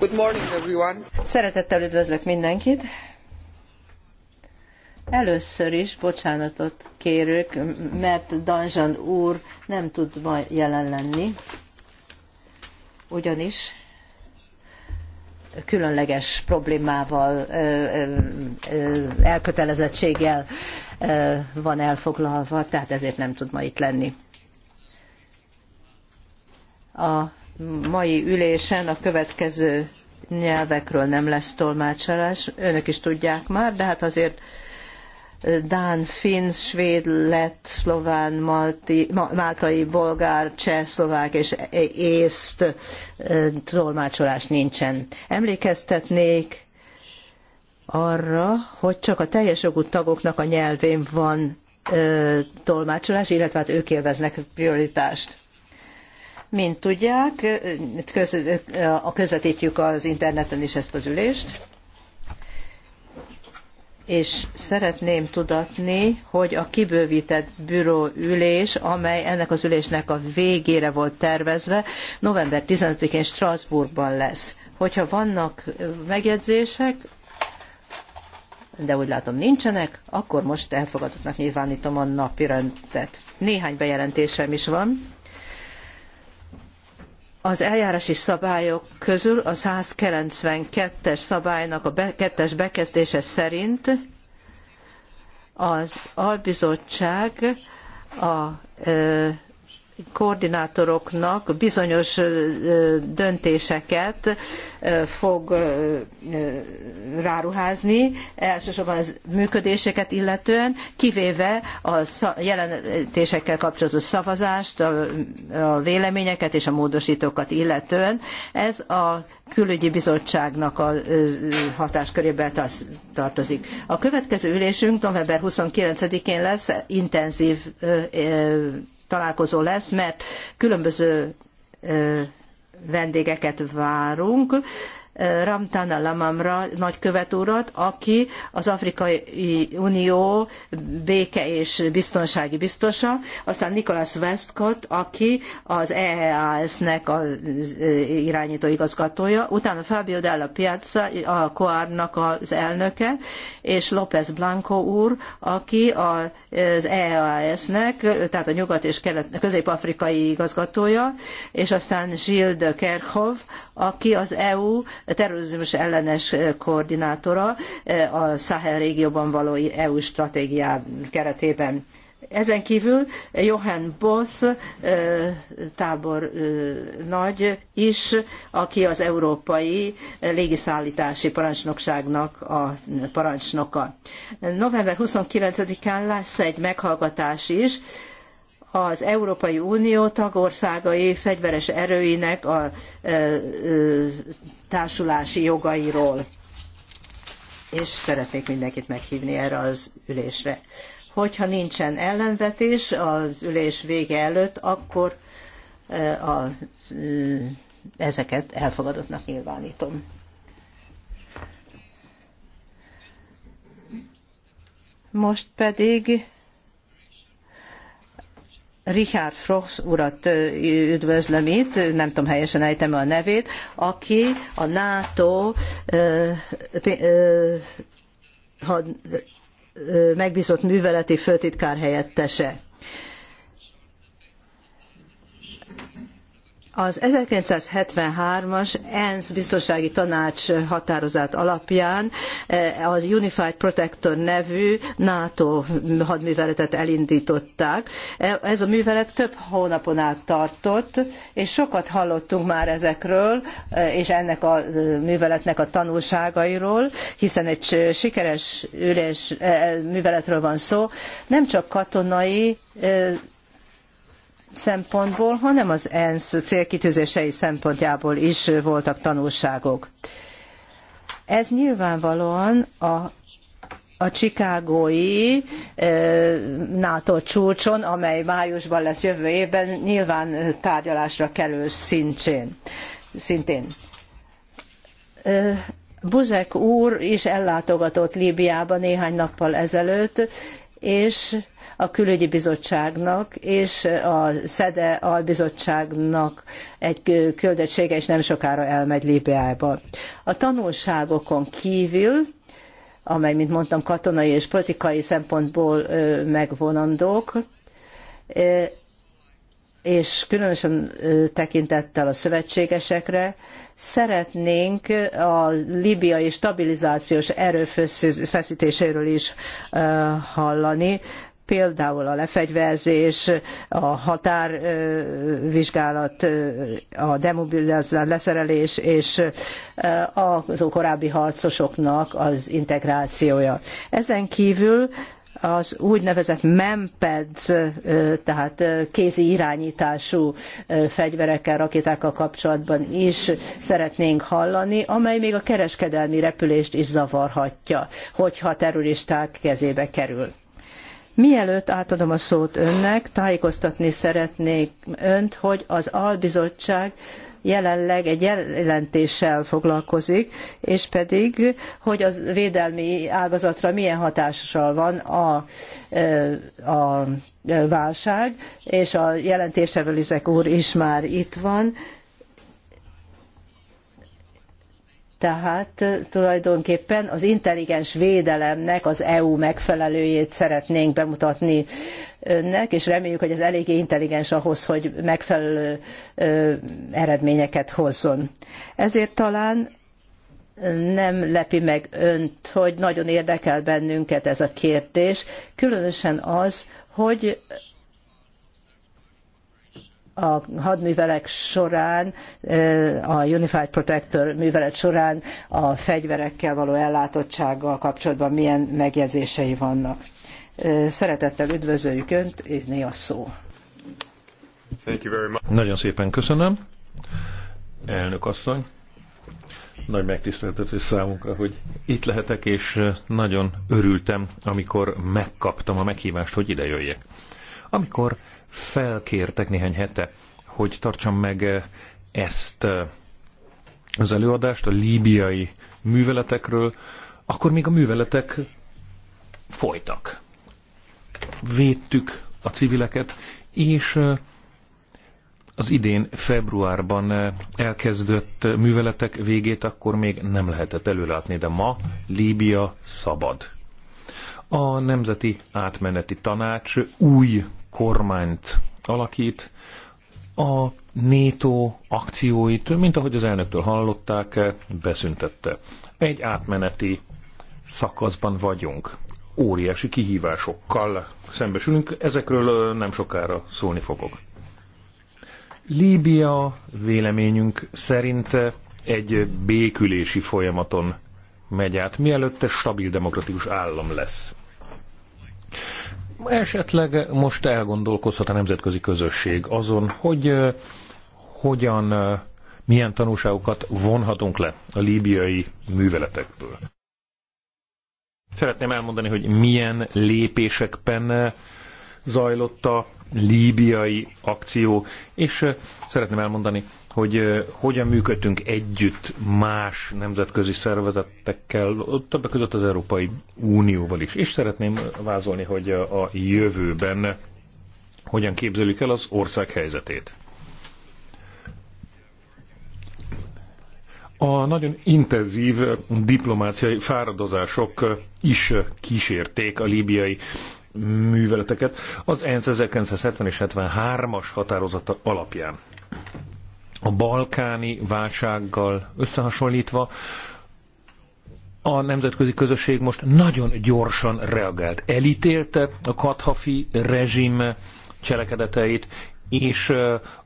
Good morning, everyone. Szeretettel üdvözlök mindenkit. Először is bocsánatot kérök, mert Danzsan úr nem tud ma jelen lenni, ugyanis különleges problémával, elkötelezettséggel van elfoglalva, tehát ezért nem tud ma itt lenni. A mai ülésen a következő nyelvekről nem lesz tolmácsolás. Önök is tudják már, de hát azért Dán, Finn, Svéd, Lett, Szlován, Malti, Máltai, Bolgár, Cseh, Szlovák és Észt tolmácsolás nincsen. Emlékeztetnék arra, hogy csak a teljes jogú tagoknak a nyelvén van tolmácsolás, illetve hát ők élveznek prioritást. Mint tudják, közvetítjük az interneten is ezt az ülést, és szeretném tudatni, hogy a kibővített büró ülés, amely ennek az ülésnek a végére volt tervezve, november 15-én Strasbourgban lesz. Hogyha vannak megjegyzések, de úgy látom nincsenek, akkor most elfogadottnak nyilvánítom a napirendet. Néhány bejelentésem is van. Az eljárási szabályok közül a 192-es szabálynak a be, kettes bekezdése szerint az albizottság a koordinátoroknak bizonyos döntéseket fog ráruházni, elsősorban az működéseket illetően, kivéve a jelentésekkel kapcsolatos szavazást, a véleményeket és a módosítókat illetően. Ez a külügyi bizottságnak a hatáskörébe tartozik. A következő ülésünk november 29-én lesz intenzív találkozó lesz, mert különböző vendégeket várunk, Ramtana Lamamra nagykövet urat, aki az Afrikai Unió béke és biztonsági biztosa, aztán Nicholas Westcott, aki az EEAS-nek az e, irányító igazgatója, utána Fabio Della Piazza, a Coarnak az elnöke, és López Blanco úr, aki az EEAS-nek, tehát a nyugat és kelet, közép-afrikai igazgatója, és aztán Gilles de Kerchov, aki az EU terrorizmus ellenes koordinátora a Sahel régióban való EU stratégiá keretében. Ezen kívül Johan Boss tábor nagy is, aki az Európai Légiszállítási Parancsnokságnak a parancsnoka. November 29-án lesz egy meghallgatás is, az Európai Unió tagországai fegyveres erőinek a társulási jogairól. És szeretnék mindenkit meghívni erre az ülésre. Hogyha nincsen ellenvetés az ülés vége előtt, akkor a, ezeket elfogadottnak nyilvánítom. Most pedig Richard Frost urat üdvözlöm itt, nem tudom helyesen ejtem a nevét, aki a NATO megbízott műveleti főtitkár helyettese. Az 1973-as ENSZ biztonsági tanács határozat alapján e, az Unified Protector nevű NATO hadműveletet elindították. E, ez a művelet több hónapon át tartott, és sokat hallottunk már ezekről, e, és ennek a műveletnek a tanulságairól, hiszen egy sikeres műveletről van szó, nem csak katonai szempontból, hanem az ENSZ célkitűzései szempontjából is voltak tanulságok. Ez nyilvánvalóan a a csikágói eh, NATO csúcson, amely májusban lesz jövő évben, nyilván tárgyalásra kerül szintén. szintén. Eh, Buzek úr is ellátogatott Líbiába néhány nappal ezelőtt, és a külügyi bizottságnak és a SZEDE albizottságnak egy küldöttsége, és nem sokára elmegy Líbiába. A tanulságokon kívül amely, mint mondtam, katonai és politikai szempontból megvonandók, és különösen tekintettel a szövetségesekre, szeretnénk a libiai stabilizációs erőfeszítéséről is hallani, például a lefegyverzés, a határvizsgálat, a demobilizálás, leszerelés és az korábbi harcosoknak az integrációja. Ezen kívül az úgynevezett MEMPEDS, tehát kézi irányítású fegyverekkel, rakétákkal kapcsolatban is szeretnénk hallani, amely még a kereskedelmi repülést is zavarhatja, hogyha terroristák kezébe kerül. Mielőtt átadom a szót önnek, tájékoztatni szeretnék önt, hogy az albizottság jelenleg egy jelentéssel foglalkozik, és pedig, hogy az védelmi ágazatra milyen hatással van a, a válság, és a jelentésevel Izek úr is már itt van, Tehát tulajdonképpen az intelligens védelemnek az EU megfelelőjét szeretnénk bemutatni önnek, és reméljük, hogy ez eléggé intelligens ahhoz, hogy megfelelő eredményeket hozzon. Ezért talán nem lepi meg önt, hogy nagyon érdekel bennünket ez a kérdés, különösen az, hogy a hadművelek során, a Unified Protector művelet során a fegyverekkel való ellátottsággal kapcsolatban milyen megjegyzései vannak. Szeretettel üdvözöljük Önt, és a szó. Nagyon szépen köszönöm. Elnök asszony, nagy megtiszteltetés számunkra, hogy itt lehetek, és nagyon örültem, amikor megkaptam a meghívást, hogy ide jöjjek. Amikor felkértek néhány hete, hogy tartsam meg eh, ezt eh, az előadást a líbiai műveletekről, akkor még a műveletek folytak. Védtük a civileket, és eh, az idén februárban elkezdött műveletek végét akkor még nem lehetett előlátni, de ma Líbia szabad. A Nemzeti Átmeneti Tanács új kormányt alakít, a NATO akcióit, mint ahogy az elnöktől hallották, beszüntette. Egy átmeneti szakaszban vagyunk. Óriási kihívásokkal szembesülünk, ezekről nem sokára szólni fogok. Líbia véleményünk szerint egy békülési folyamaton megy át, mielőtt egy stabil demokratikus állam lesz. Esetleg most elgondolkozhat a nemzetközi közösség azon, hogy hogyan, milyen tanulságokat vonhatunk le a líbiai műveletekből. Szeretném elmondani, hogy milyen lépésekben zajlott a líbiai akció, és szeretném elmondani, hogy hogyan működtünk együtt más nemzetközi szervezetekkel, többek között az Európai Unióval is. És szeretném vázolni, hogy a jövőben hogyan képzelik el az ország helyzetét. A nagyon intenzív diplomáciai fáradozások is kísérték a líbiai műveleteket az ENSZ 1970 és 73-as határozata alapján a balkáni válsággal összehasonlítva, a nemzetközi közösség most nagyon gyorsan reagált. Elítélte a Kadhafi rezsim cselekedeteit, és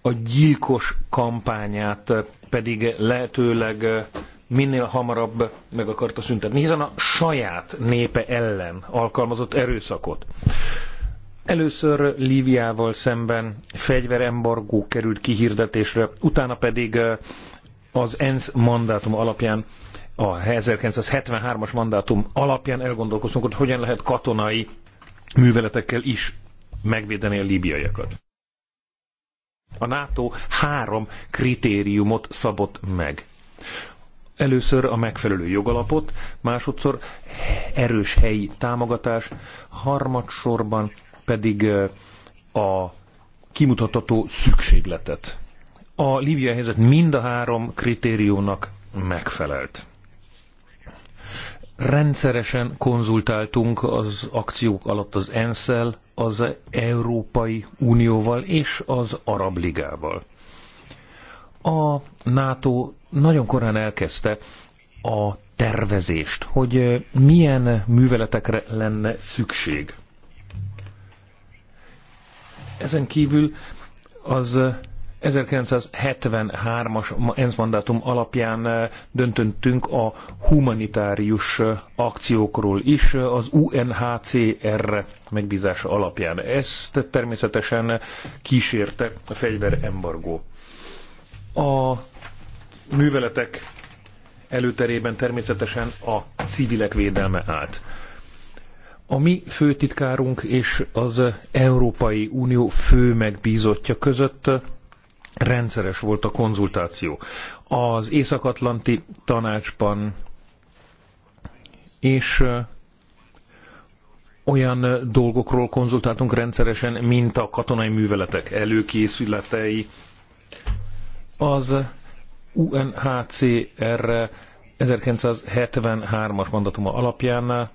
a gyilkos kampányát pedig lehetőleg minél hamarabb meg akarta szüntetni, hiszen a saját népe ellen alkalmazott erőszakot. Először Líviával szemben fegyverembargó került kihirdetésre, utána pedig az ENSZ mandátum alapján, a 1973-as mandátum alapján elgondolkoztunk, hogy hogyan lehet katonai műveletekkel is megvédeni a líbiaiakat. A NATO három kritériumot szabott meg. Először a megfelelő jogalapot, másodszor erős helyi támogatás, harmadsorban pedig a kimutatható szükségletet. A Líbia helyzet mind a három kritériumnak megfelelt. Rendszeresen konzultáltunk az akciók alatt az ensz az Európai Unióval és az Arab Ligával. A NATO nagyon korán elkezdte a tervezést, hogy milyen műveletekre lenne szükség ezen kívül az 1973-as eh, ENSZ mandátum alapján eh, döntöttünk a humanitárius eh, akciókról is az UNHCR megbízása alapján. Ezt természetesen kísérte a fegyverembargó. A műveletek előterében természetesen a civilek védelme állt a mi főtitkárunk és az Európai Unió fő megbízottja között rendszeres volt a konzultáció. Az Észak-Atlanti tanácsban és olyan dolgokról konzultáltunk rendszeresen, mint a katonai műveletek előkészületei. Az UNHCR 1973-as mandatuma alapján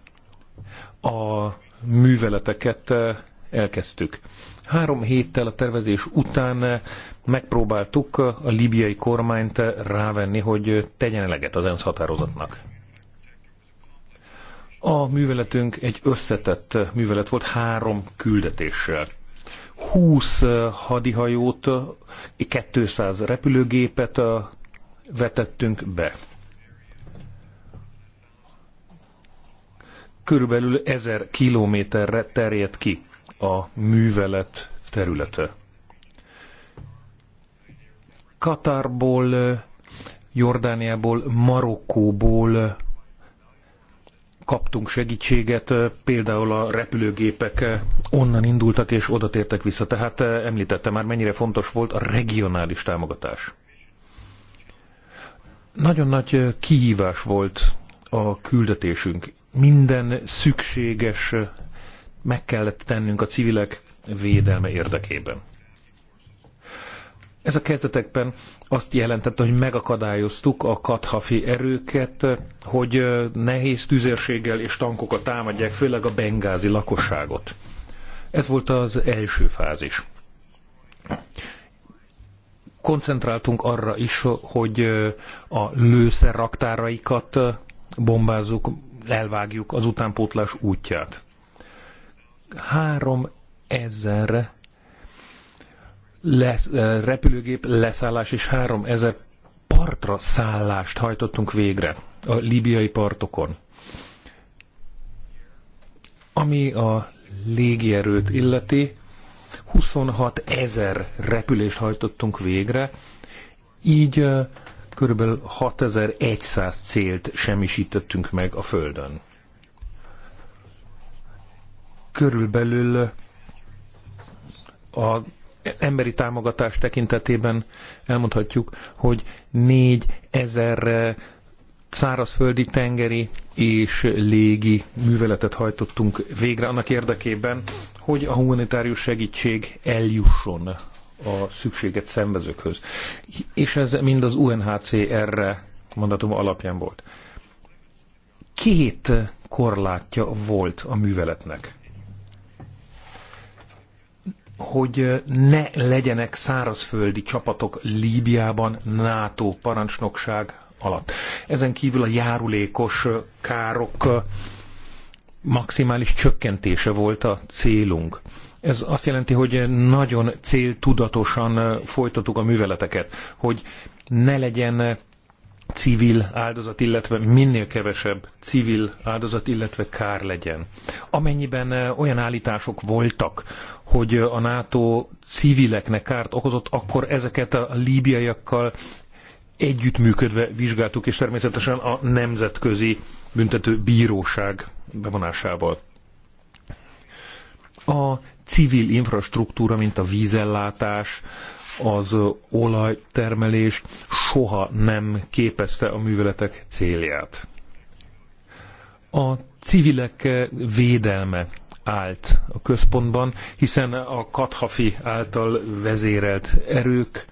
a műveleteket eh, elkezdtük. Három héttel a tervezés után eh, megpróbáltuk eh, a libiai kormányt rávenni, hogy tegyen eleget az ENSZ határozatnak. A műveletünk egy összetett művelet volt három küldetéssel. 20 hadihajót, 200 repülőgépet vetettünk be. körülbelül 1000 kilométerre terjed ki a művelet területe. Katárból, Jordániából, Marokkóból kaptunk segítséget, például a repülőgépek onnan indultak és odatértek vissza. Tehát említette már, mennyire fontos volt a regionális támogatás. Nagyon nagy kihívás volt a küldetésünk, minden szükséges meg kellett tennünk a civilek védelme érdekében. Ez a kezdetekben azt jelentette, hogy megakadályoztuk a kathafi erőket, hogy nehéz tüzérséggel és tankokat támadják, főleg a bengázi lakosságot. Ez volt az első fázis. Koncentráltunk arra is, hogy a lőszerraktáraikat bombázzuk, elvágjuk az utánpótlás útját. Három ezer lesz, eh, repülőgép leszállás és három ezer partra szállást hajtottunk végre a libiai partokon. Ami a légierőt illeti, 26 ezer repülést hajtottunk végre, így eh, körülbelül 6100 célt semmisítettünk meg a Földön. Körülbelül a emberi támogatás tekintetében elmondhatjuk, hogy 4000 szárazföldi, tengeri és légi műveletet hajtottunk végre annak érdekében, hogy a humanitárius segítség eljusson a szükséget szenvezőkhöz. És ez mind az UNHCR-re mondatom alapján volt. Két korlátja volt a műveletnek. Hogy ne legyenek szárazföldi csapatok Líbiában NATO parancsnokság alatt. Ezen kívül a járulékos károk maximális csökkentése volt a célunk. Ez azt jelenti, hogy nagyon céltudatosan eh, folytatuk a műveleteket, hogy ne legyen eh, civil áldozat, illetve minél kevesebb civil áldozat, illetve kár legyen. Amennyiben eh, olyan állítások voltak, hogy a NATO civileknek kárt okozott, akkor ezeket a líbiaiakkal együttműködve vizsgáltuk, és természetesen a Nemzetközi Büntető Bíróság bevonásával. A civil infrastruktúra, mint a vízellátás, az olajtermelés soha nem képezte a műveletek célját. A civilek védelme állt a központban, hiszen a Kathafi által vezérelt erők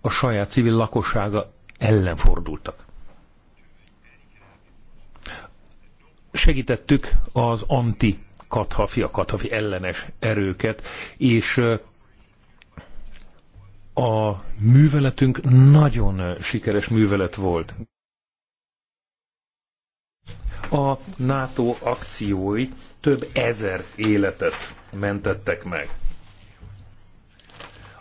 a saját civil lakossága ellen fordultak. Segítettük az anti Kathafi, a Kathafi ellenes erőket, és a műveletünk nagyon sikeres művelet volt. A NATO akciói több ezer életet mentettek meg.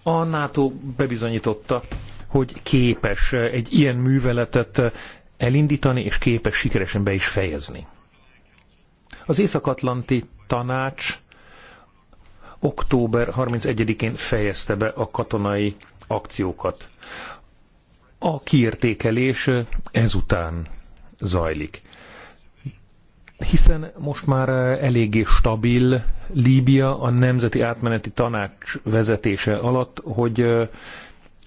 A NATO bebizonyította, hogy képes egy ilyen műveletet elindítani, és képes sikeresen be is fejezni. Az Észak-Atlanti tanács október 31-én fejezte be a katonai akciókat. A kiértékelés ezután zajlik. Hiszen most már eléggé stabil Líbia a Nemzeti Átmeneti Tanács vezetése alatt, hogy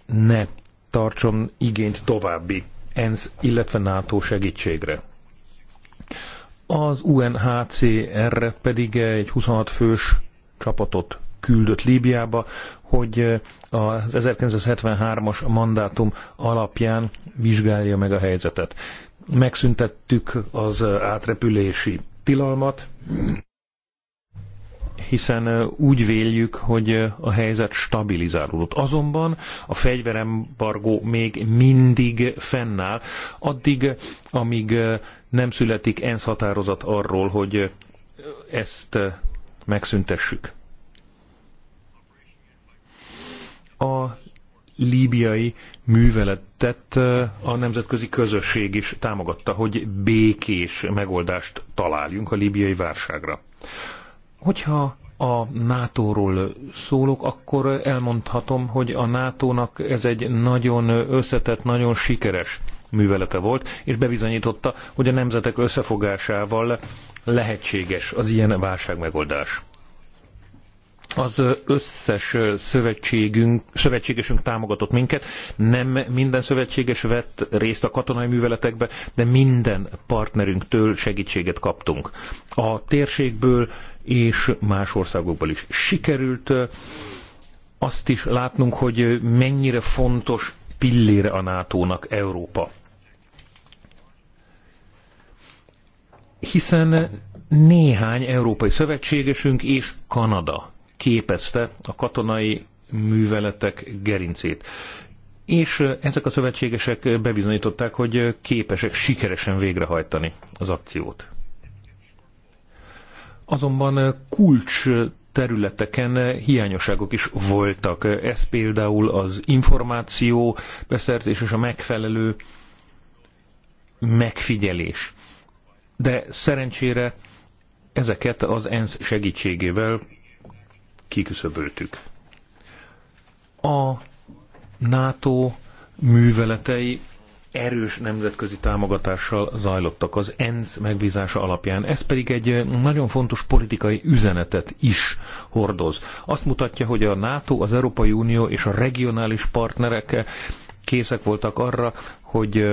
ne tartson igényt további ENSZ, illetve NATO segítségre. Az UNHCR pedig egy 26 fős csapatot küldött Líbiába, hogy eh, az 1973-as mandátum alapján vizsgálja meg a helyzetet. Megszüntettük az átrepülési tilalmat, hiszen úgy véljük, hogy a helyzet stabilizálódott. Azonban a fegyverembargó még mindig fennáll, addig, amíg nem születik ENSZ határozat arról, hogy ezt megszüntessük. A líbiai műveletet a nemzetközi közösség is támogatta, hogy békés megoldást találjunk a líbiai válságra. Hogyha a NATO-ról szólok, akkor elmondhatom, hogy a NATO-nak ez egy nagyon összetett, nagyon sikeres művelete volt, és bebizonyította, hogy a nemzetek összefogásával lehetséges az ilyen válságmegoldás az összes szövetségünk, szövetségesünk támogatott minket. Nem minden szövetséges vett részt a katonai műveletekbe, de minden partnerünktől segítséget kaptunk. A térségből és más országokból is sikerült azt is látnunk, hogy mennyire fontos pillére a NATO-nak Európa. Hiszen néhány európai szövetségesünk és Kanada képezte a katonai műveletek gerincét. És ezek a szövetségesek bebizonyították, hogy képesek sikeresen végrehajtani az akciót. Azonban kulcs területeken hiányosságok is voltak. Ez például az információ beszerzés és a megfelelő megfigyelés. De szerencsére ezeket az ENSZ segítségével kiküszöböltük. A NATO műveletei erős nemzetközi támogatással zajlottak az ENSZ megbízása alapján. Ez pedig egy nagyon fontos politikai üzenetet is hordoz. Azt mutatja, hogy a NATO, az Európai Unió és a regionális partnerek készek voltak arra, hogy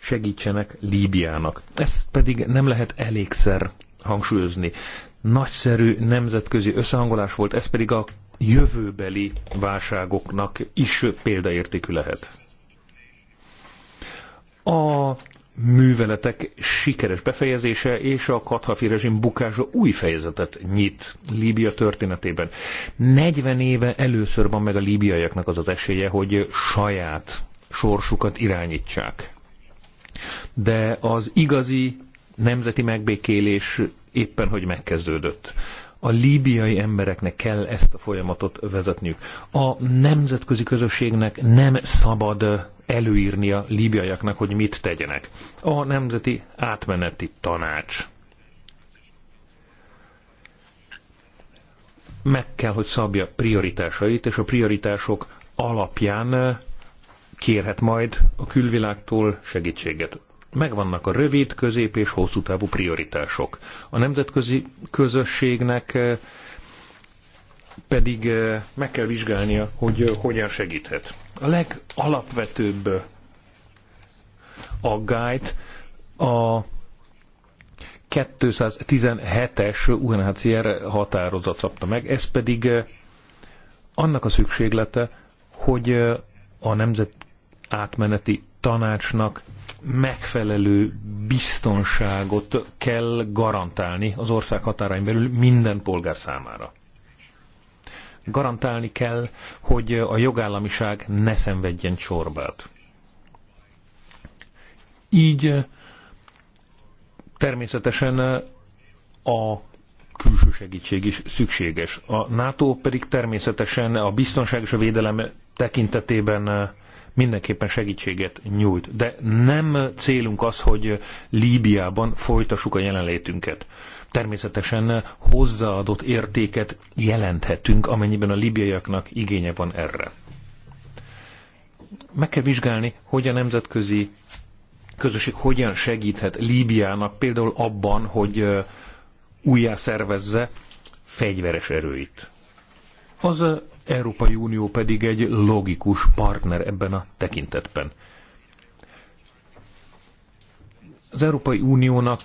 segítsenek Líbiának. Ezt pedig nem lehet elégszer hangsúlyozni nagyszerű nemzetközi összehangolás volt, ez pedig a jövőbeli válságoknak is példaértékű lehet. A műveletek sikeres befejezése és a Kadhafi rezsim bukása új fejezetet nyit Líbia történetében. 40 éve először van meg a líbiaiaknak az az esélye, hogy saját sorsukat irányítsák. De az igazi nemzeti megbékélés éppen hogy megkezdődött. A líbiai embereknek kell ezt a folyamatot vezetniük. A nemzetközi közösségnek nem szabad előírnia líbiaiaknak, hogy mit tegyenek. A Nemzeti Átmeneti Tanács meg kell, hogy szabja prioritásait, és a prioritások alapján kérhet majd a külvilágtól segítséget megvannak a rövid, közép és hosszú távú prioritások. A nemzetközi közösségnek eh, pedig eh, meg kell vizsgálnia, hogy eh, hogyan segíthet. A legalapvetőbb aggályt a 217-es UNHCR határozat szabta meg, ez pedig annak a szükséglete, hogy a nemzet átmeneti tanácsnak megfelelő biztonságot kell garantálni az ország határain belül minden polgár számára. Garantálni kell, hogy a jogállamiság ne szenvedjen csorbát. Így természetesen a külső segítség is szükséges. A NATO pedig természetesen a biztonság és a védelem tekintetében mindenképpen segítséget nyújt. De nem célunk az, hogy Líbiában folytassuk a jelenlétünket. Természetesen hozzáadott értéket jelenthetünk, amennyiben a libiaiaknak igénye van erre. Meg kell vizsgálni, hogy a nemzetközi közösség hogyan segíthet Líbiának például abban, hogy újjá szervezze fegyveres erőit. Az Európai Unió pedig egy logikus partner ebben a tekintetben. Az Európai Uniónak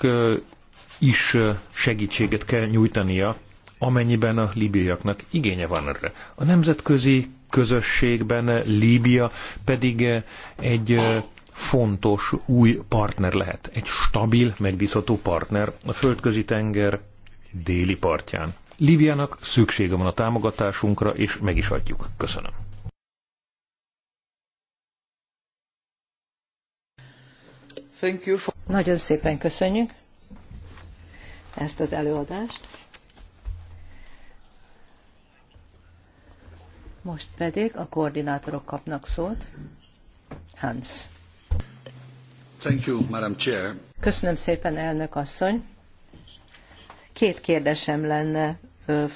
is segítséget kell nyújtania, amennyiben a líbiaiaknak igénye van erre. A nemzetközi közösségben Líbia pedig egy fontos új partner lehet. Egy stabil, megbízható partner a földközi tenger déli partján. Líviának szüksége van a támogatásunkra, és meg is adjuk. Köszönöm. For... Nagyon szépen köszönjük ezt az előadást. Most pedig a koordinátorok kapnak szót. Hans. Thank you, Madam Chair. Köszönöm szépen, elnök asszony. Két kérdésem lenne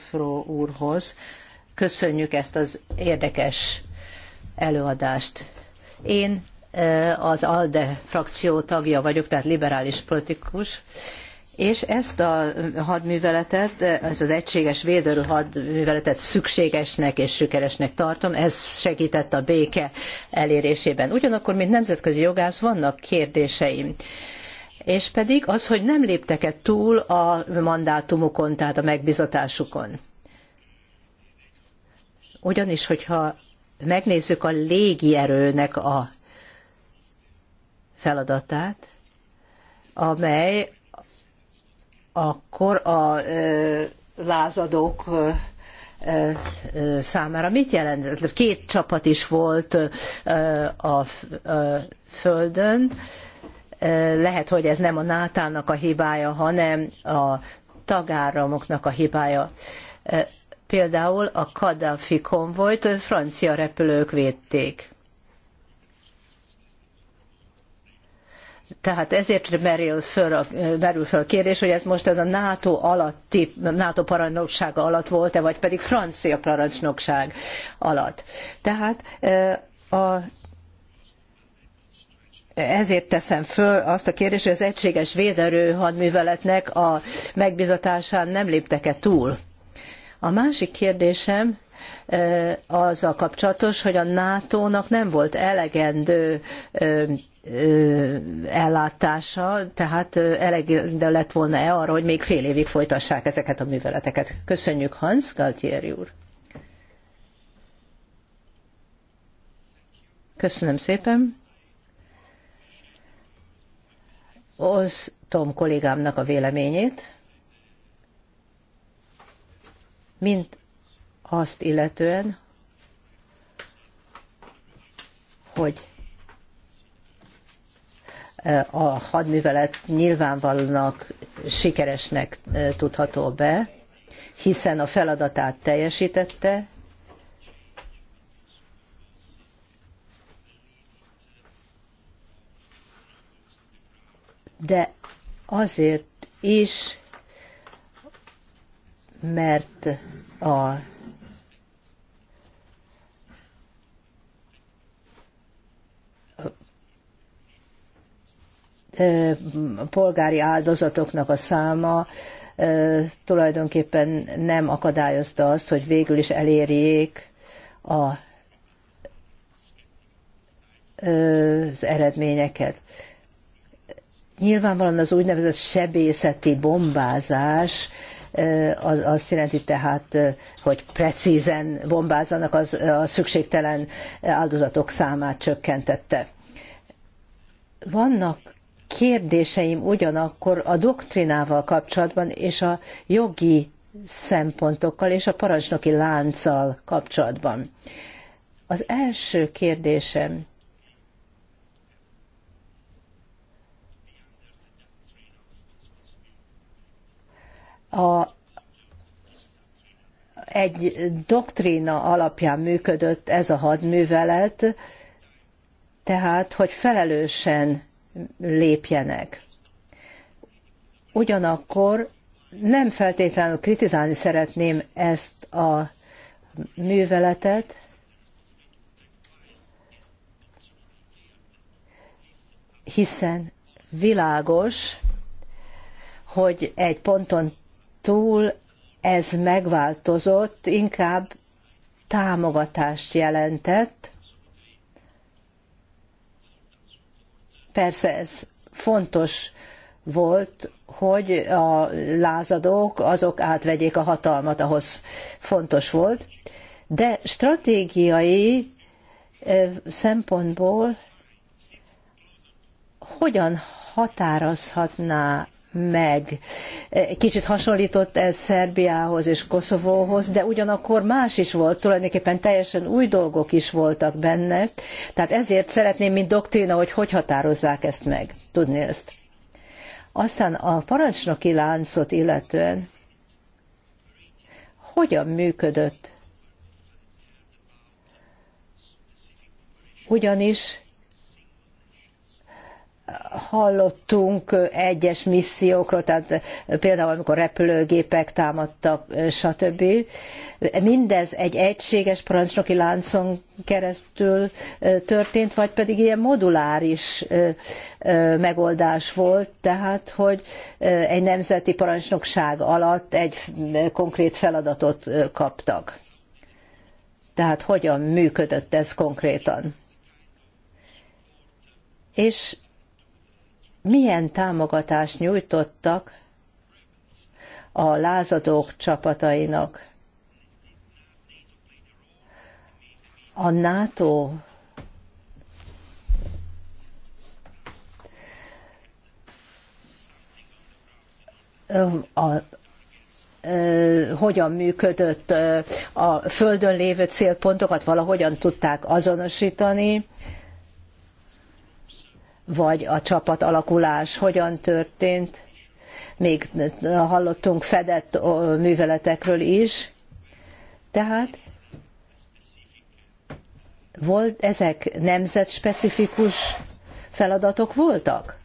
Fró úrhoz. Köszönjük ezt az érdekes előadást. Én eh, az ALDE frakció tagja vagyok, tehát liberális politikus, és ezt a hadműveletet, ez az egységes védőrű hadműveletet szükségesnek és sikeresnek tartom, ez segített a béke elérésében. Ugyanakkor, mint nemzetközi jogász, vannak kérdéseim és pedig az, hogy nem léptek-e túl a mandátumukon, tehát a megbizatásukon. Ugyanis, hogyha megnézzük a légierőnek a feladatát, amely akkor a ö, lázadók ö, ö, számára mit jelent? Két csapat is volt ö, a, földön, ö, lehet, hogy ez nem a nátának a hibája, hanem a tagáramoknak a hibája. Például a Kaddafi konvojt francia repülők védték. Tehát ezért merül föl, a, merül föl a kérdés, hogy ez most ez a NATO alatti, NATO parancsnoksága alatt volt-e, vagy pedig francia parancsnokság alatt. Tehát a ezért teszem föl azt a kérdést, hogy az egységes véderő hadműveletnek a megbizatásán nem léptek-e túl. A másik kérdésem e, azzal kapcsolatos, hogy a NATO-nak nem volt elegendő e, e, ellátása, tehát elegendő lett volna-e arra, hogy még fél évig folytassák ezeket a műveleteket. Köszönjük, Hans Galtieri úr. Köszönöm szépen. osztom kollégámnak a véleményét, mint azt illetően, hogy e, a hadművelet nyilvánvalónak sikeresnek e, tudható be, hiszen a feladatát teljesítette, de azért is, mert a polgári áldozatoknak a száma tulajdonképpen nem akadályozta azt, hogy végül is elérjék a, az eredményeket. Nyilvánvalóan az úgynevezett sebészeti bombázás eh, az azt jelenti tehát, eh, hogy precízen bombázanak, az eh, a szükségtelen áldozatok számát csökkentette. Vannak kérdéseim ugyanakkor a doktrinával kapcsolatban és a jogi szempontokkal és a parancsnoki lánccal kapcsolatban. Az első kérdésem a egy doktrína alapján működött ez a hadművelet, tehát hogy felelősen lépjenek. Ugyanakkor nem feltétlenül kritizálni szeretném ezt a műveletet, hiszen világos, hogy egy ponton túl ez megváltozott, inkább támogatást jelentett. Persze ez fontos volt, hogy a lázadók azok átvegyék a hatalmat, ahhoz fontos volt, de stratégiai szempontból hogyan határozhatná meg. Kicsit hasonlított ez Szerbiához és Koszovóhoz, de ugyanakkor más is volt, tulajdonképpen teljesen új dolgok is voltak benne, tehát ezért szeretném, mint doktrína, hogy hogy határozzák ezt meg, tudni ezt. Aztán a parancsnoki láncot illetően hogyan működött? Ugyanis hallottunk egyes missziókról, tehát például amikor repülőgépek támadtak, stb. Mindez egy egységes parancsnoki láncon keresztül történt, vagy pedig ilyen moduláris megoldás volt, tehát hogy egy nemzeti parancsnokság alatt egy konkrét feladatot kaptak. Tehát hogyan működött ez konkrétan? És milyen támogatást nyújtottak a lázadók csapatainak. A NATO a, hogyan működött a földön lévő célpontokat, valahogyan tudták azonosítani, vagy a csapat alakulás hogyan történt. Még hallottunk fedett műveletekről is. Tehát volt, ezek nemzetspecifikus feladatok voltak?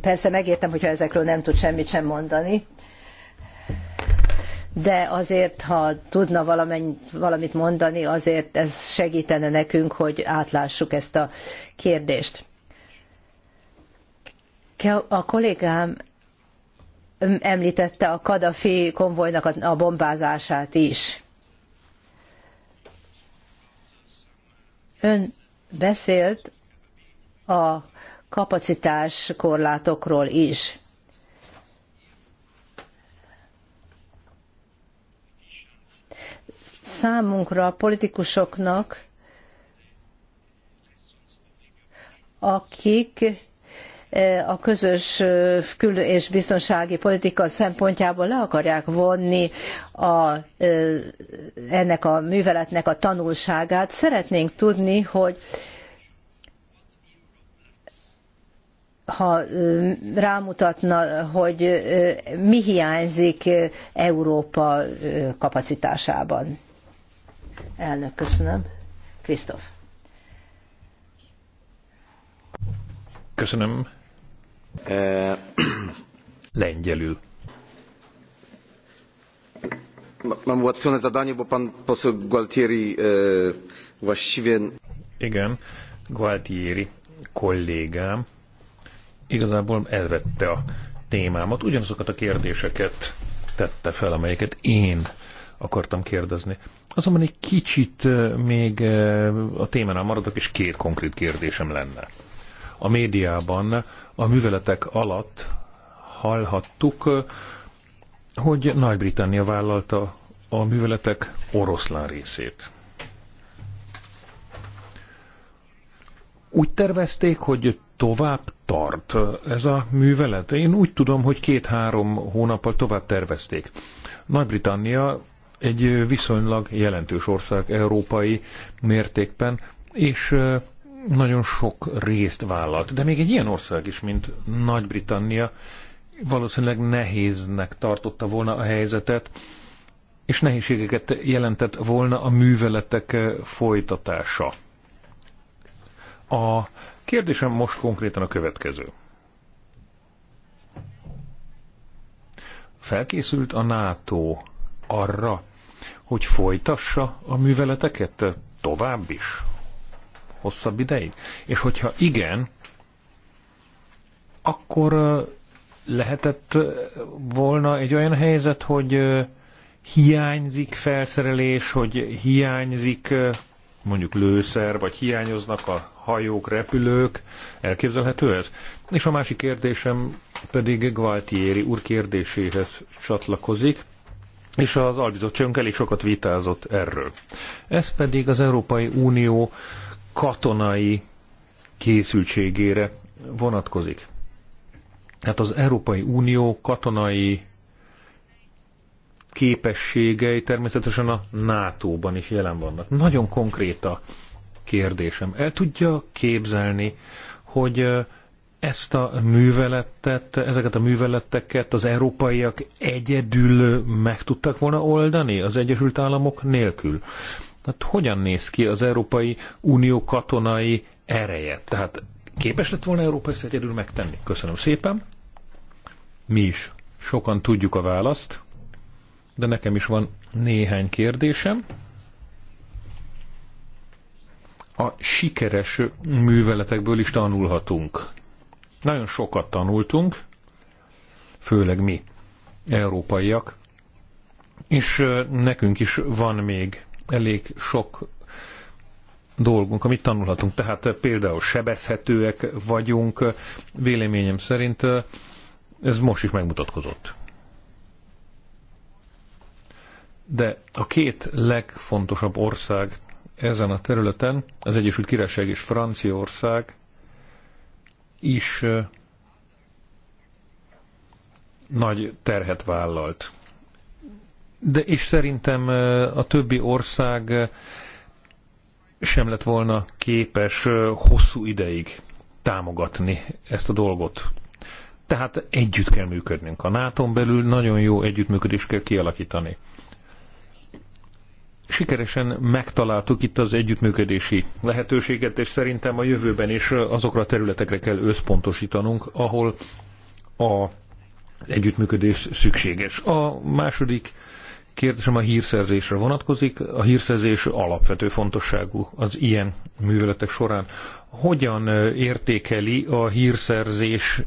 Persze megértem, hogyha ezekről nem tud semmit sem mondani, de azért, ha tudna valamit mondani, azért ez segítene nekünk, hogy átlássuk ezt a kérdést. A kollégám említette a Kadafi konvojnak a bombázását is. Ön beszélt a kapacitás korlátokról is. Számunkra, politikusoknak, akik Eh, a közös kül- és biztonsági politika szempontjából le akarják vonni a, ennek a műveletnek a tanulságát. Szeretnénk tudni, hogy ha rámutatna, hogy mi hiányzik Európa kapacitásában. Elnök, köszönöm. Krisztof. Köszönöm, Eh, lengyelül. Mam ułatwione zadanie, bo pan poseł Gualtieri e, właściwie... Igen, Gualtieri kollégám igazából elvette a témámat, ugyanazokat a kérdéseket tette fel, amelyeket én akartam kérdezni. Azonban egy kicsit e, még e, a témánál maradok, és két konkrét kérdésem lenne. A médiában a műveletek alatt hallhattuk, hogy Nagy-Britannia vállalta a műveletek oroszlán részét. Úgy tervezték, hogy tovább tart ez a művelet? Én úgy tudom, hogy két-három hónappal tovább tervezték. Nagy-Britannia egy viszonylag jelentős ország európai mértékben, és nagyon sok részt vállalt, de még egy ilyen ország is, mint Nagy-Britannia, valószínűleg nehéznek tartotta volna a helyzetet, és nehézségeket jelentett volna a műveletek folytatása. A kérdésem most konkrétan a következő. Felkészült a NATO arra, hogy folytassa a műveleteket tovább is, hosszabb ideig? És hogyha igen, akkor lehetett volna egy olyan helyzet, hogy hiányzik felszerelés, hogy hiányzik mondjuk lőszer, vagy hiányoznak a hajók, repülők, elképzelhető ez? És a másik kérdésem pedig Gualtieri úr kérdéséhez csatlakozik, és az albizottságunk elég sokat vitázott erről. Ez pedig az Európai Unió katonai készültségére vonatkozik. Tehát az Európai Unió katonai képességei természetesen a NATO-ban is jelen vannak. Nagyon konkrét a kérdésem. El tudja képzelni, hogy ezt a műveletet, ezeket a műveleteket az európaiak egyedül meg tudtak volna oldani az Egyesült Államok nélkül. Tehát hogyan néz ki az Európai Unió katonai ereje? Tehát képes lett volna Európa ezt egyedül megtenni? Köszönöm szépen. Mi is sokan tudjuk a választ, de nekem is van néhány kérdésem. A sikeres műveletekből is tanulhatunk. Nagyon sokat tanultunk, főleg mi, európaiak, és nekünk is van még elég sok dolgunk, amit tanulhatunk. Tehát eh, például sebezhetőek vagyunk, véleményem szerint eh, ez most is megmutatkozott. De a két legfontosabb ország ezen a területen, az Egyesült Királyság és Franciaország is eh, nagy terhet vállalt de és szerintem a többi ország sem lett volna képes hosszú ideig támogatni ezt a dolgot. Tehát együtt kell működnünk. A nato belül nagyon jó együttműködést kell kialakítani. Sikeresen megtaláltuk itt az együttműködési lehetőséget, és szerintem a jövőben is azokra a területekre kell összpontosítanunk, ahol a együttműködés szükséges. A második kérdésem a hírszerzésre vonatkozik. A hírszerzés alapvető fontosságú az ilyen műveletek során. Hogyan értékeli a hírszerzés,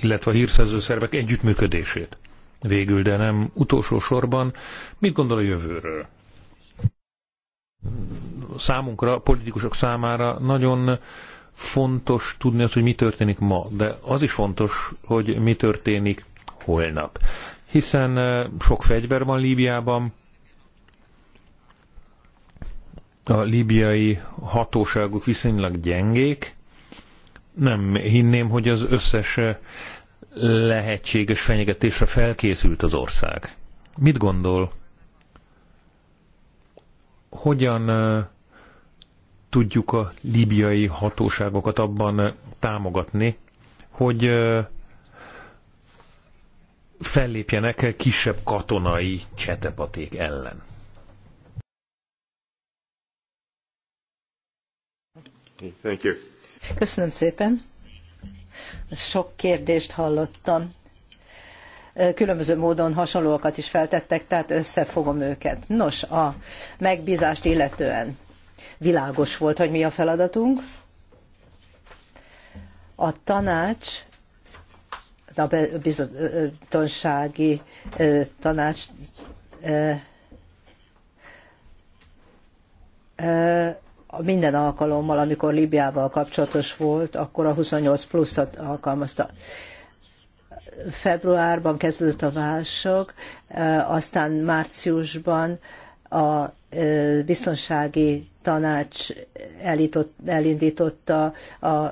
illetve a hírszerző szervek együttműködését? Végül, de nem utolsó sorban, mit gondol a jövőről? Számunkra, politikusok számára nagyon fontos tudni azt, hogy mi történik ma, de az is fontos, hogy mi történik holnap hiszen sok fegyver van Líbiában, a líbiai hatóságok viszonylag gyengék. Nem hinném, hogy az összes lehetséges fenyegetésre felkészült az ország. Mit gondol? Hogyan tudjuk a líbiai hatóságokat abban támogatni, hogy fellépjenek kisebb katonai csetepaték ellen. Thank you. Köszönöm szépen. Sok kérdést hallottam. Különböző módon hasonlóakat is feltettek, tehát összefogom őket. Nos, a megbízást illetően világos volt, hogy mi a feladatunk. A tanács a biztonsági tanács minden alkalommal, amikor Libiával kapcsolatos volt, akkor a 28 pluszat alkalmazta. Februárban kezdődött a válság, aztán márciusban a biztonsági tanács elított, elindította a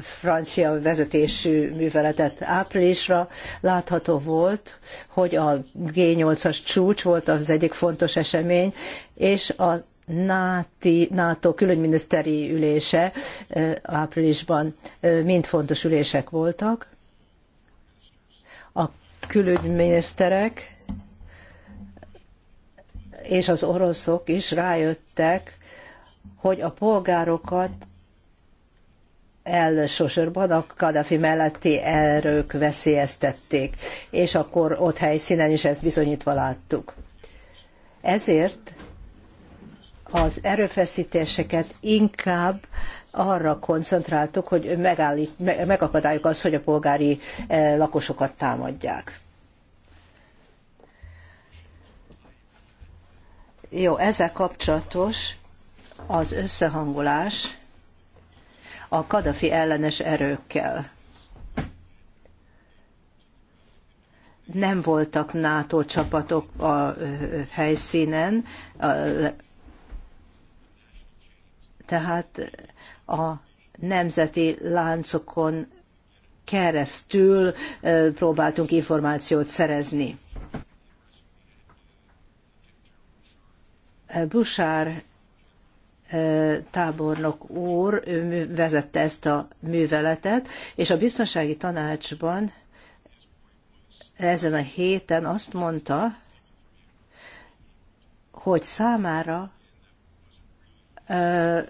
francia vezetésű műveletet áprilisra. Látható volt, hogy a G8-as csúcs volt az egyik fontos esemény, és a NATO, NATO külügyminiszteri ülése áprilisban mind fontos ülések voltak. A külügyminiszterek és az oroszok is rájöttek, hogy a polgárokat elsősorban a Kadafi melletti erők veszélyeztették, és akkor ott helyszínen is ezt bizonyítva láttuk. Ezért az erőfeszítéseket inkább arra koncentráltuk, hogy megállít, megakadályok az, hogy a polgári eh, lakosokat támadják. Jó, ezzel kapcsolatos az összehangolás a Kadafi ellenes erőkkel. Nem voltak NATO csapatok a helyszínen, tehát a nemzeti láncokon keresztül próbáltunk információt szerezni. Busár tábornok úr ő vezette ezt a műveletet, és a biztonsági tanácsban ezen a héten azt mondta, hogy számára ö,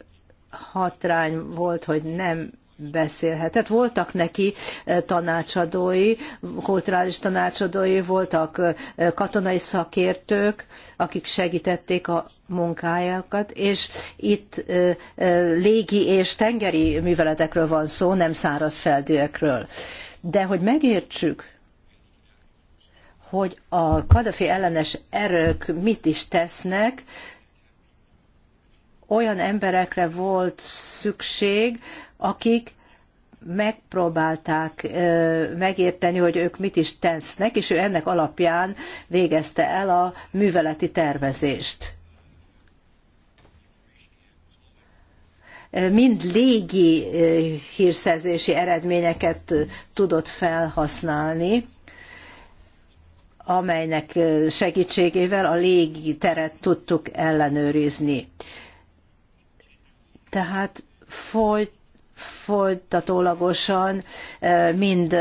hatrány volt, hogy nem beszélhetett. Voltak neki eh, tanácsadói, kulturális tanácsadói, voltak eh, katonai szakértők, akik segítették a munkájákat, és itt eh, légi és tengeri műveletekről van szó, nem szárazföldiekről. De hogy megértsük, hogy a Kadafi ellenes erők mit is tesznek, olyan emberekre volt szükség, akik megpróbálták megérteni, hogy ők mit is tesznek, és ő ennek alapján végezte el a műveleti tervezést. mind légi hírszerzési eredményeket tudott felhasználni, amelynek segítségével a légi teret tudtuk ellenőrizni. Tehát folyt folytatólagosan mind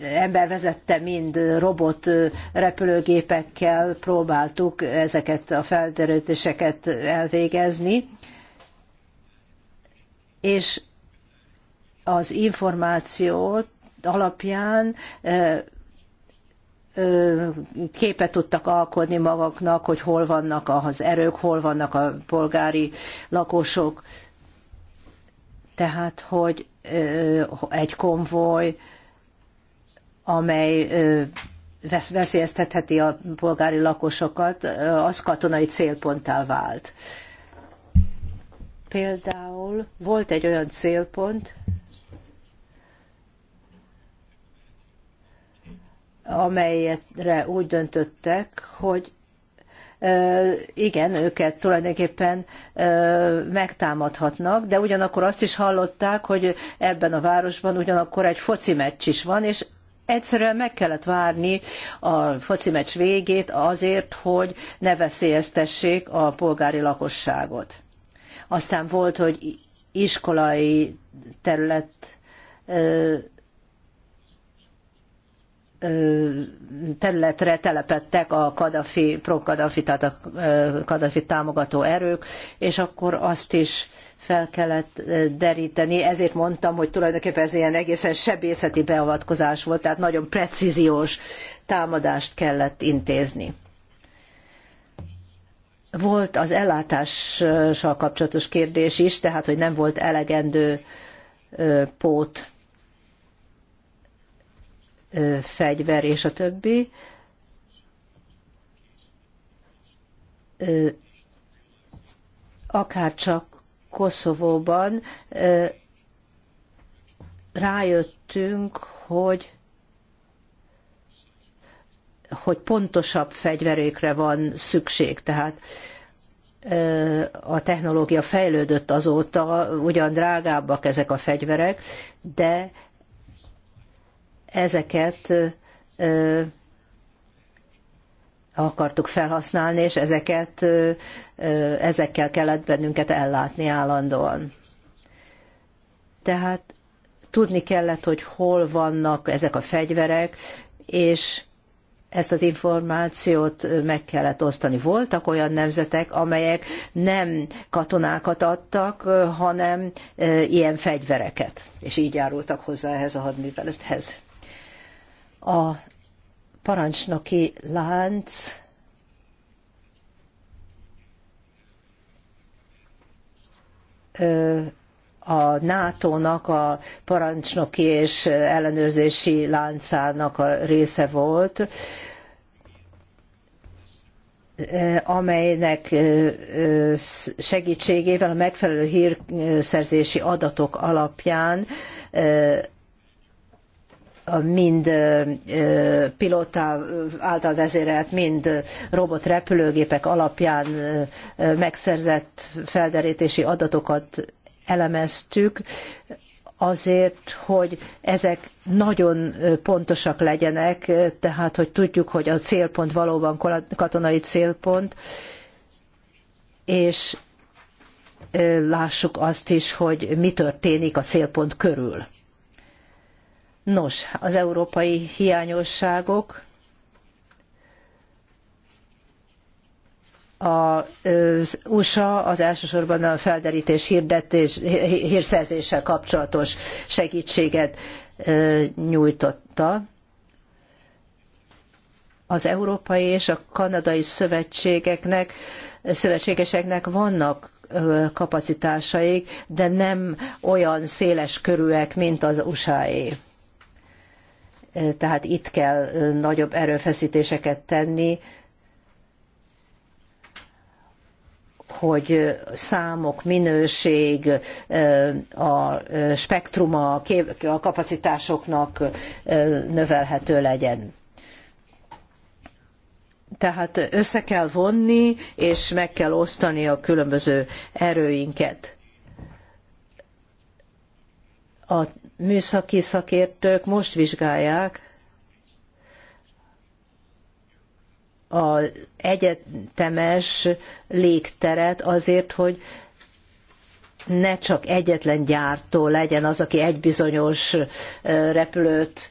ember vezette, mind robot repülőgépekkel próbáltuk ezeket a felderítéseket elvégezni, és az információ alapján képet tudtak alkotni maguknak, hogy hol vannak az erők, hol vannak a polgári lakosok. Tehát, hogy egy konvoj, amely veszélyeztetheti a polgári lakosokat, az katonai célponttá vált. Például volt egy olyan célpont, amelyre úgy döntöttek, hogy igen, őket tulajdonképpen megtámadhatnak, de ugyanakkor azt is hallották, hogy ebben a városban ugyanakkor egy foci meccs is van, és egyszerűen meg kellett várni a foci meccs végét azért, hogy ne veszélyeztessék a polgári lakosságot. Aztán volt, hogy iskolai terület területre telepettek a Kadafi, pro-Kadafi, tehát a Kadafi támogató erők, és akkor azt is fel kellett deríteni. Ezért mondtam, hogy tulajdonképpen ez ilyen egészen sebészeti beavatkozás volt, tehát nagyon precíziós támadást kellett intézni. Volt az ellátással kapcsolatos kérdés is, tehát hogy nem volt elegendő pót fegyver és a többi. Akár csak Koszovóban rájöttünk, hogy hogy pontosabb fegyverékre van szükség. Tehát a technológia fejlődött azóta, ugyan drágábbak ezek a fegyverek, de ezeket akartuk felhasználni, és ezeket, ezekkel kellett bennünket ellátni állandóan. Tehát tudni kellett, hogy hol vannak ezek a fegyverek, és ezt az információt meg kellett osztani. Voltak olyan nemzetek, amelyek nem katonákat adtak, hanem ilyen fegyvereket, és így járultak hozzá ehhez a hadművelethez a parancsnoki lánc a NATO-nak a parancsnoki és ellenőrzési láncának a része volt, amelynek segítségével a megfelelő hírszerzési adatok alapján mind pilóta által vezérelt, mind robotrepülőgépek alapján megszerzett felderítési adatokat elemeztük, azért, hogy ezek nagyon pontosak legyenek, tehát hogy tudjuk, hogy a célpont valóban katonai célpont, és lássuk azt is, hogy mi történik a célpont körül. Nos, az európai hiányosságok az USA az elsősorban a felderítés hirdetés, hírszerzéssel kapcsolatos segítséget nyújtotta. Az európai és a kanadai szövetségeknek, szövetségeseknek vannak kapacitásaik, de nem olyan széles körűek, mint az USA-é. Tehát itt kell nagyobb erőfeszítéseket tenni, hogy számok, minőség, a spektruma, a kapacitásoknak növelhető legyen. Tehát össze kell vonni, és meg kell osztani a különböző erőinket. A műszaki szakértők most vizsgálják az egyetemes légteret azért, hogy ne csak egyetlen gyártó legyen az, aki egy bizonyos repülőt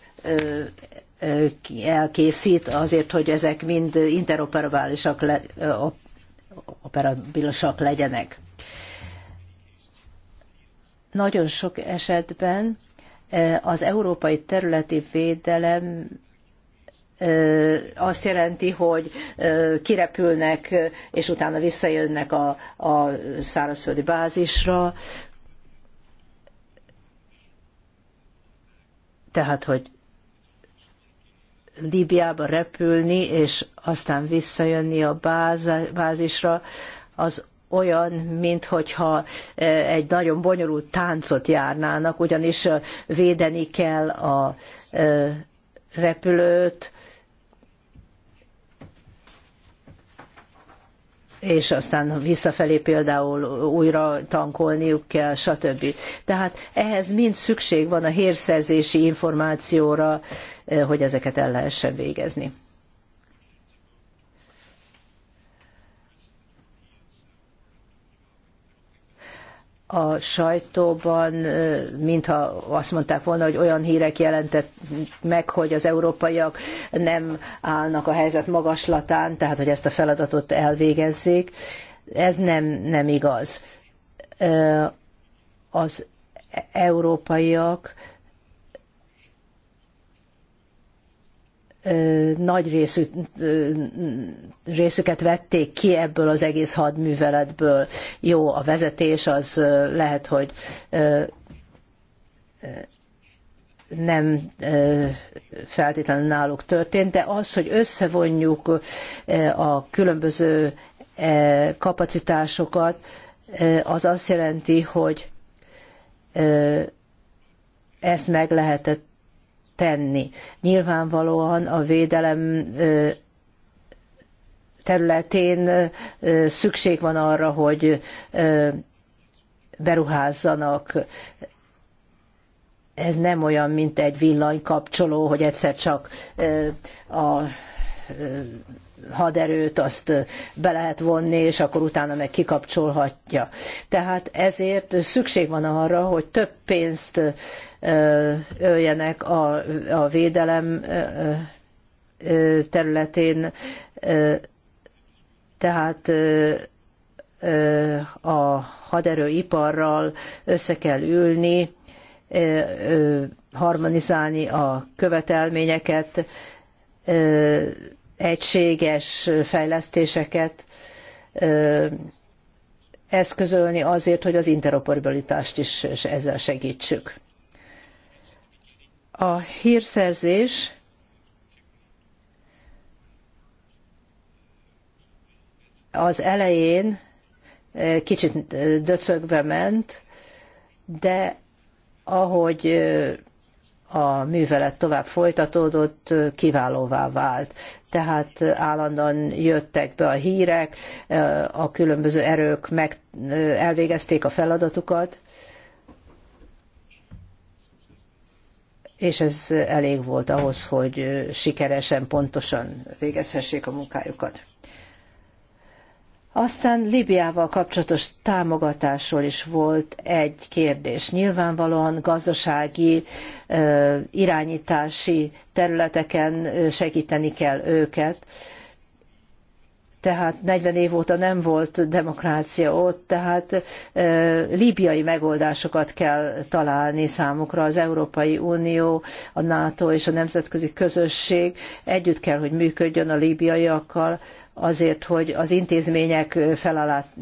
elkészít, azért, hogy ezek mind interoperabilisak le, legyenek. Nagyon sok esetben Eh, az európai területi védelem eh, azt jelenti, hogy eh, kirepülnek, és utána visszajönnek a, a szárazföldi bázisra. Tehát, hogy Líbiába repülni, és aztán visszajönni a bázisra, az olyan, minthogyha egy nagyon bonyolult táncot járnának, ugyanis védeni kell a repülőt, és aztán visszafelé például újra tankolniuk kell, stb. Tehát ehhez mind szükség van a hírszerzési információra, hogy ezeket el lehessen végezni. a sajtóban, mintha azt mondták volna, hogy olyan hírek jelentett meg, hogy az európaiak nem állnak a helyzet magaslatán, tehát hogy ezt a feladatot elvégezzék. Ez nem, nem igaz. Az e-, európaiak nagy részű, részüket vették ki ebből az egész hadműveletből. Jó, a vezetés az lehet, hogy nem feltétlenül náluk történt, de az, hogy összevonjuk a különböző kapacitásokat, az azt jelenti, hogy ezt meg lehetett tenni. Nyilvánvalóan a védelem területén szükség van arra, hogy beruházzanak. Ez nem olyan, mint egy villanykapcsoló, hogy egyszer csak a haderőt azt be lehet vonni, és akkor utána meg kikapcsolhatja. Tehát ezért szükség van arra, hogy több pénzt öljenek a, a védelem területén, tehát a haderőiparral össze kell ülni, harmonizálni a követelményeket, egységes fejlesztéseket eszközölni azért, hogy az interoperabilitást is ezzel segítsük. A hírszerzés az elején kicsit döcögve ment, de ahogy a művelet tovább folytatódott, kiválóvá vált. Tehát állandóan jöttek be a hírek, a különböző erők meg, elvégezték a feladatukat, és ez elég volt ahhoz, hogy sikeresen, pontosan végezhessék a munkájukat. Aztán Libiával kapcsolatos támogatásról is volt egy kérdés. Nyilvánvalóan gazdasági irányítási területeken segíteni kell őket tehát 40 év óta nem volt demokrácia ott, tehát líbiai megoldásokat kell találni számukra. Az Európai Unió, a NATO és a nemzetközi közösség együtt kell, hogy működjön a líbiaiakkal, azért, hogy az intézmények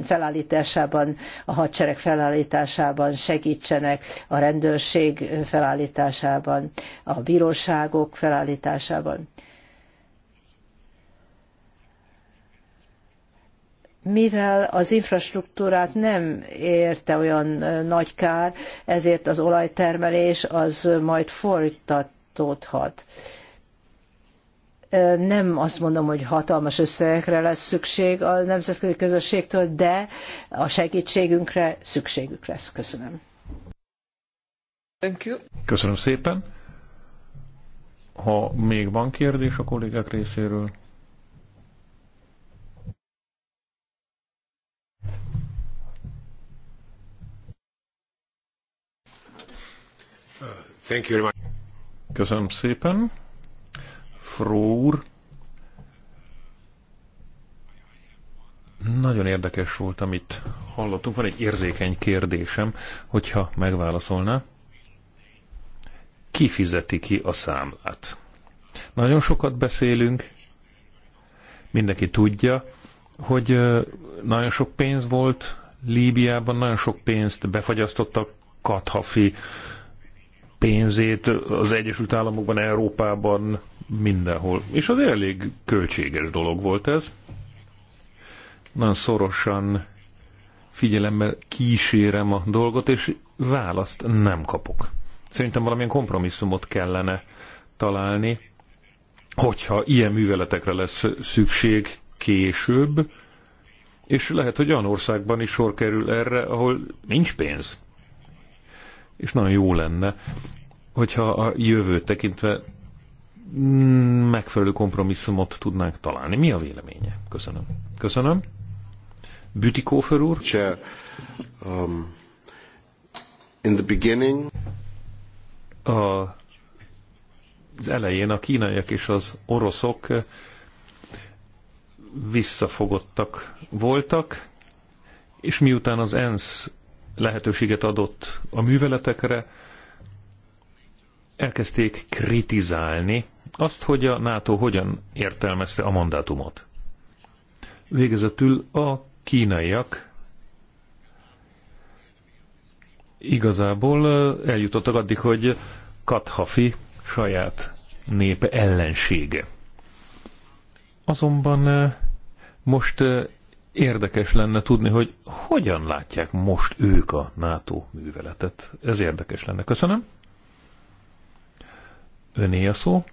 felállításában, a hadsereg felállításában segítsenek, a rendőrség felállításában, a bíróságok felállításában. mivel az infrastruktúrát nem érte olyan nagy kár, ezért az olajtermelés az majd folytatódhat. Nem azt mondom, hogy hatalmas összegekre lesz szükség a nemzetközi közösségtől, de a segítségünkre szükségük lesz. Köszönöm. Köszönöm szépen. Ha még van kérdés a kollégák részéről, Thank you very much. Köszönöm szépen. Fró úr. Nagyon érdekes volt, amit hallottunk. Van egy érzékeny kérdésem, hogyha megválaszolná. Ki fizeti ki a számlát? Nagyon sokat beszélünk, mindenki tudja, hogy nagyon sok pénz volt Líbiában, nagyon sok pénzt befagyasztottak a Kathafi pénzét az Egyesült Államokban, Európában, mindenhol. És az elég költséges dolog volt ez. Nagyon szorosan figyelemmel kísérem a dolgot, és választ nem kapok. Szerintem valamilyen kompromisszumot kellene találni, hogyha ilyen műveletekre lesz szükség később, és lehet, hogy olyan országban is sor kerül erre, ahol nincs pénz és nagyon jó lenne, hogyha a jövőt tekintve megfelelő kompromisszumot tudnánk találni. Mi a véleménye? Köszönöm. Köszönöm. Kófer úr. Chair, um, in the beginning... A, az elején a kínaiak és az oroszok visszafogottak voltak, és miután az ENSZ lehetőséget adott a műveletekre, elkezdték kritizálni azt, hogy a NATO hogyan értelmezte a mandátumot. Végezetül a kínaiak igazából eljutottak addig, hogy Kathafi saját népe ellensége. Azonban most érdekes lenne tudni, hogy hogyan látják most ők a NATO műveletet. Ez érdekes lenne. Köszönöm. Öné a szó.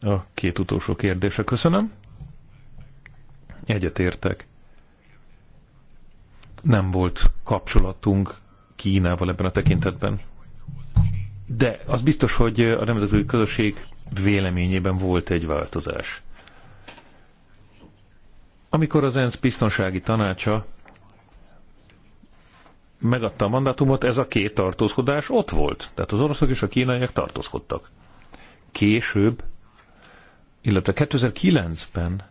A két utolsó kérdése köszönöm. Egyetértek. Nem volt kapcsolatunk Kínával ebben a tekintetben. De az biztos, hogy a nemzetközi közösség véleményében volt egy változás. Amikor az ENSZ biztonsági tanácsa megadta a mandátumot, ez a két tartózkodás ott volt. Tehát az oroszok és a kínaiak tartózkodtak. Később, illetve 2009-ben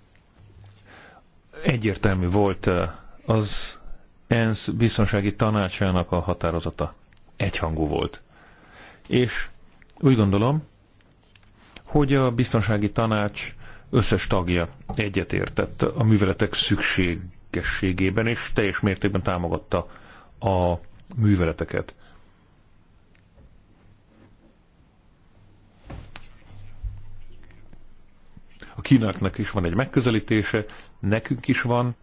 egyértelmű volt eh, az ENSZ biztonsági tanácsának a határozata. Egyhangú volt. És úgy gondolom, hogy a biztonsági tanács összes tagja egyetértett a műveletek szükségességében, és teljes mértékben támogatta a műveleteket. A kínáknak is van egy megközelítése, nekünk is van.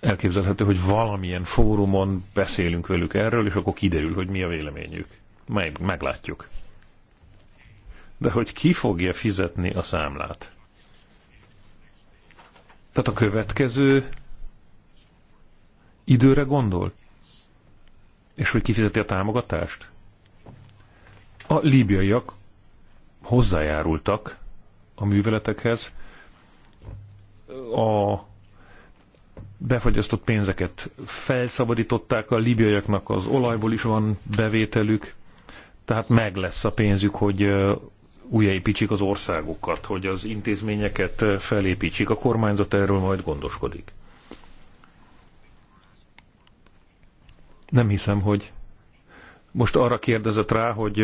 Elképzelhető, hogy valamilyen fórumon beszélünk velük erről, és akkor kiderül, hogy mi a véleményük. Meg, meglátjuk de hogy ki fogja fizetni a számlát. Tehát a következő időre gondol? És hogy kifizeti a támogatást? A líbiaiak hozzájárultak a műveletekhez, a befagyasztott pénzeket felszabadították, a líbiaiaknak az olajból is van bevételük, tehát meg lesz a pénzük, hogy újjáépítsék az országokat, hogy az intézményeket felépítsék. A kormányzat erről majd gondoskodik. Nem hiszem, hogy most arra kérdezett rá, hogy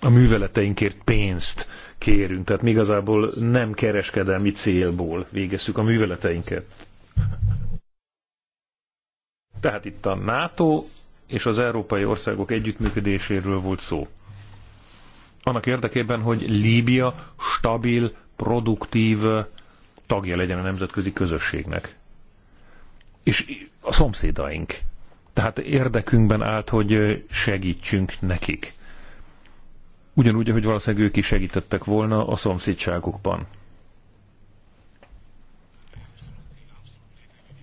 a műveleteinkért pénzt kérünk. Tehát mi igazából nem kereskedelmi célból végeztük a műveleteinket. Tehát itt a NATO és az európai országok együttműködéséről volt szó annak érdekében, hogy Líbia stabil, produktív tagja legyen a nemzetközi közösségnek. És a szomszédaink. Tehát érdekünkben állt, hogy segítsünk nekik. Ugyanúgy, ahogy valószínűleg ők is segítettek volna a szomszédságokban.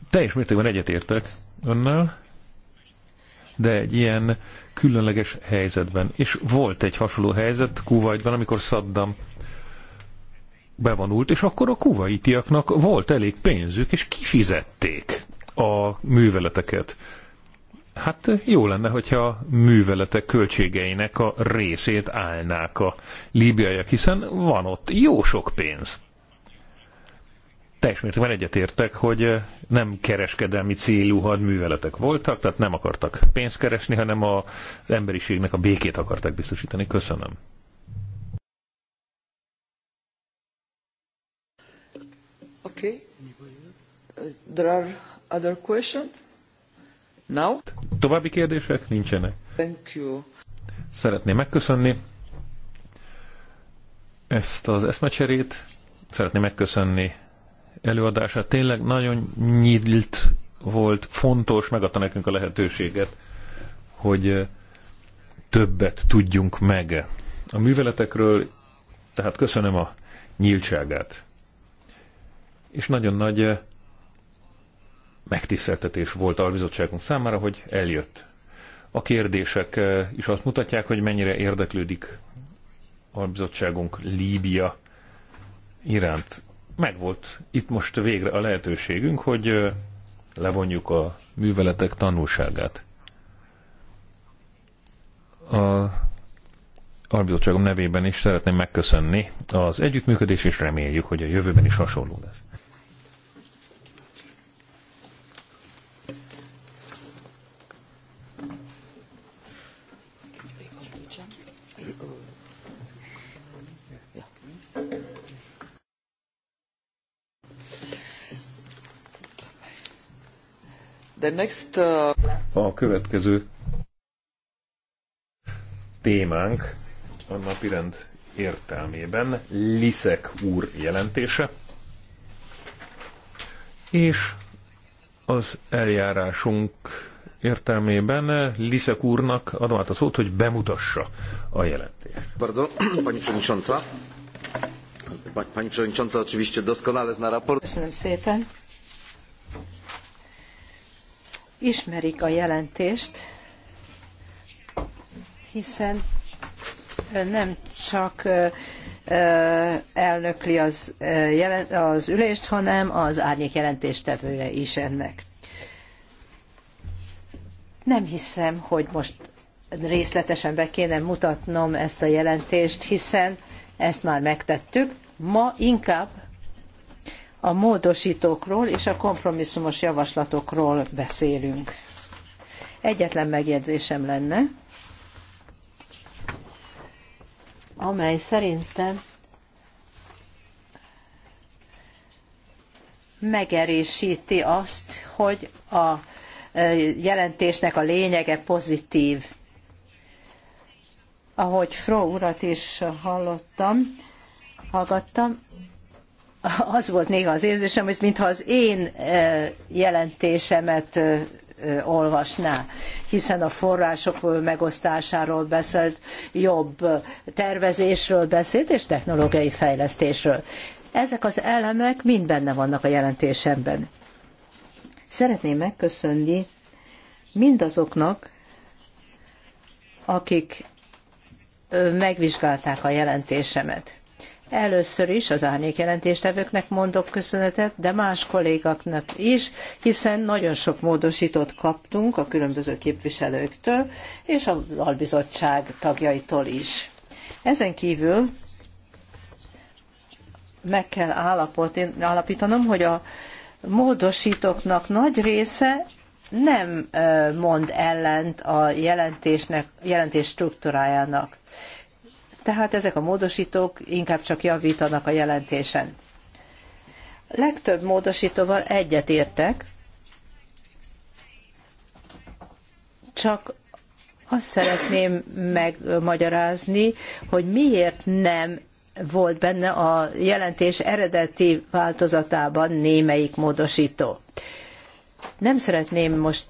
Teljes mértékben egyetértek önnel, de egy ilyen különleges helyzetben. És volt egy hasonló helyzet Kuwaitban, amikor Saddam bevonult, és akkor a kuwaitiaknak volt elég pénzük, és kifizették a műveleteket. Hát jó lenne, hogyha a műveletek költségeinek a részét állnák a líbiaiak, hiszen van ott jó sok pénz teljes mértékben egyetértek, hogy nem kereskedelmi célú hadműveletek voltak, tehát nem akartak pénzt keresni, hanem az emberiségnek a békét akarták biztosítani. Köszönöm. Okay. There are other questions Now? További kérdések nincsenek. Thank you. Szeretném megköszönni ezt az eszmecserét, szeretném megköszönni Előadása Tényleg nagyon nyílt volt, fontos, megadta nekünk a lehetőséget, hogy többet tudjunk meg a műveletekről, tehát köszönöm a nyíltságát. És nagyon nagy megtiszteltetés volt a bizottságunk számára, hogy eljött. A kérdések is azt mutatják, hogy mennyire érdeklődik a bizottságunk Líbia iránt megvolt itt most végre a lehetőségünk, hogy levonjuk a műveletek tanulságát. A albizottságom nevében is szeretném megköszönni az együttműködés, és reméljük, hogy a jövőben is hasonló lesz. The next, uh... A következő témánk a napirend értelmében Liszek úr jelentése, és az eljárásunk értelmében Liszek úrnak adom át a szót, hogy bemutassa a jelentést. Bardzo, pani przewodnicząca. Pani przewodnicząca oczywiście doskonale zna raport. Köszönöm szépen ismerik a jelentést, hiszen nem csak elnökli az, az ülést, hanem az árnyék jelentéstevője is ennek. Nem hiszem, hogy most részletesen be kéne mutatnom ezt a jelentést, hiszen ezt már megtettük. Ma inkább a módosítókról és a kompromisszumos javaslatokról beszélünk. Egyetlen megjegyzésem lenne, amely szerintem megerősíti azt, hogy a e, jelentésnek a lényege pozitív. Ahogy Fró urat is hallottam, hallgattam, az volt néha az érzésem, hogy mintha az én e, jelentésemet e, e, olvasná, hiszen a források megosztásáról beszélt, jobb tervezésről beszélt, és technológiai fejlesztésről. Ezek az elemek mind benne vannak a jelentésemben. Szeretném megköszönni mindazoknak, akik megvizsgálták a jelentésemet. Először is az árnyék jelentéstevőknek mondok köszönetet, de más kollégáknak is, hiszen nagyon sok módosítót kaptunk a különböző képviselőktől és a albizottság tagjaitól is. Ezen kívül meg kell állapítanom, hogy a módosítóknak nagy része nem mond ellent a jelentésnek, jelentés struktúrájának tehát ezek a módosítók inkább csak javítanak a jelentésen. Legtöbb módosítóval egyet értek, csak azt szeretném megmagyarázni, hogy miért nem volt benne a jelentés eredeti változatában némelyik módosító. Nem szeretném most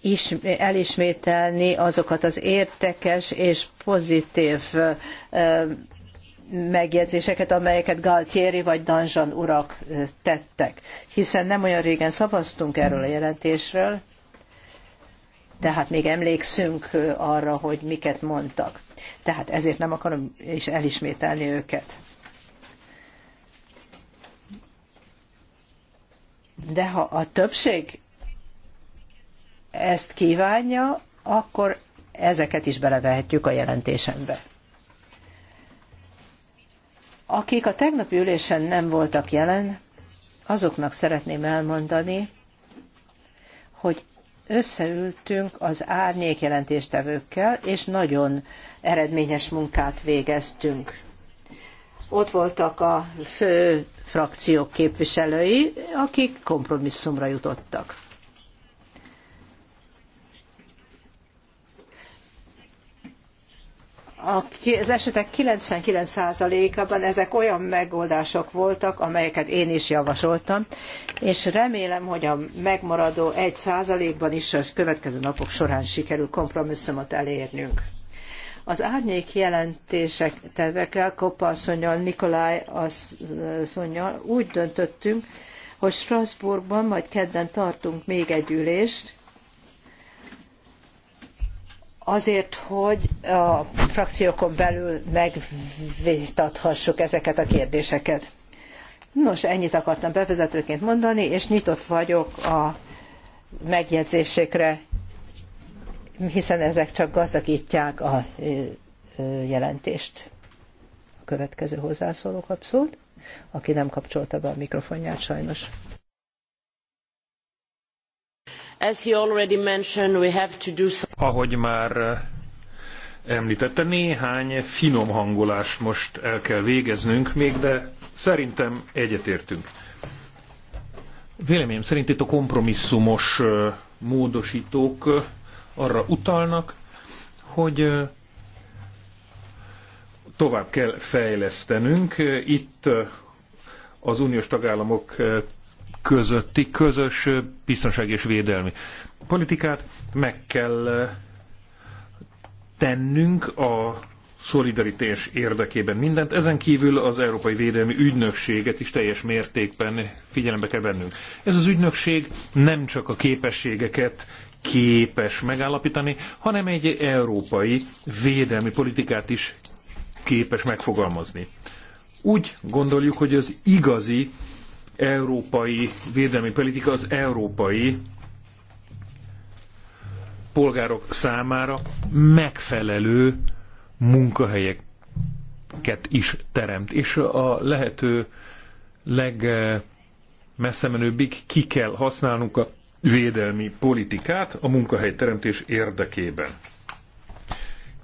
is, elismételni azokat az értekes és pozitív megjegyzéseket, amelyeket Galtieri vagy Danzsan urak tettek. Hiszen nem olyan régen szavaztunk erről a jelentésről, tehát még emlékszünk arra, hogy miket mondtak. Tehát ezért nem akarom is elismételni őket. De ha a többség ezt kívánja, akkor ezeket is belevehetjük a jelentésembe. Akik a tegnapi ülésen nem voltak jelen, azoknak szeretném elmondani, hogy összeültünk az árnyék jelentéstevőkkel, és nagyon eredményes munkát végeztünk. Ott voltak a fő frakciók képviselői, akik kompromisszumra jutottak. az esetek 99%-ában ezek olyan megoldások voltak, amelyeket én is javasoltam, és remélem, hogy a megmaradó 1%-ban is a következő napok során sikerül kompromisszumot elérnünk. Az árnyék jelentések tevekkel, Kopa asszonyjal, Nikolaj asszonyjal úgy döntöttünk, hogy Strasbourgban majd kedden tartunk még egy ülést, azért, hogy a frakciókon belül megvitathassuk ezeket a kérdéseket. Nos, ennyit akartam bevezetőként mondani, és nyitott vagyok a megjegyzésekre, hiszen ezek csak gazdagítják a jelentést. A következő hozzászólók abszolút, aki nem kapcsolta be a mikrofonját sajnos. Ahogy már eh, említette, néhány finom hangolást most el kell végeznünk még, de szerintem egyetértünk. Véleményem szerint itt a kompromisszumos eh, módosítók eh, arra utalnak, hogy tovább kell fejlesztenünk. Itt az uniós tagállamok közötti közös biztonság és védelmi politikát meg kell tennünk a szolidaritás érdekében mindent. Ezen kívül az Európai Védelmi Ügynökséget is teljes mértékben figyelembe kell vennünk. Ez az ügynökség nem csak a képességeket képes megállapítani, hanem egy európai védelmi politikát is képes megfogalmazni. Úgy gondoljuk, hogy az igazi európai védelmi politika az európai polgárok számára megfelelő munkahelyeket is teremt. És a lehető legmesszemenőbbig ki kell használnunk a védelmi politikát a munkahelyteremtés érdekében.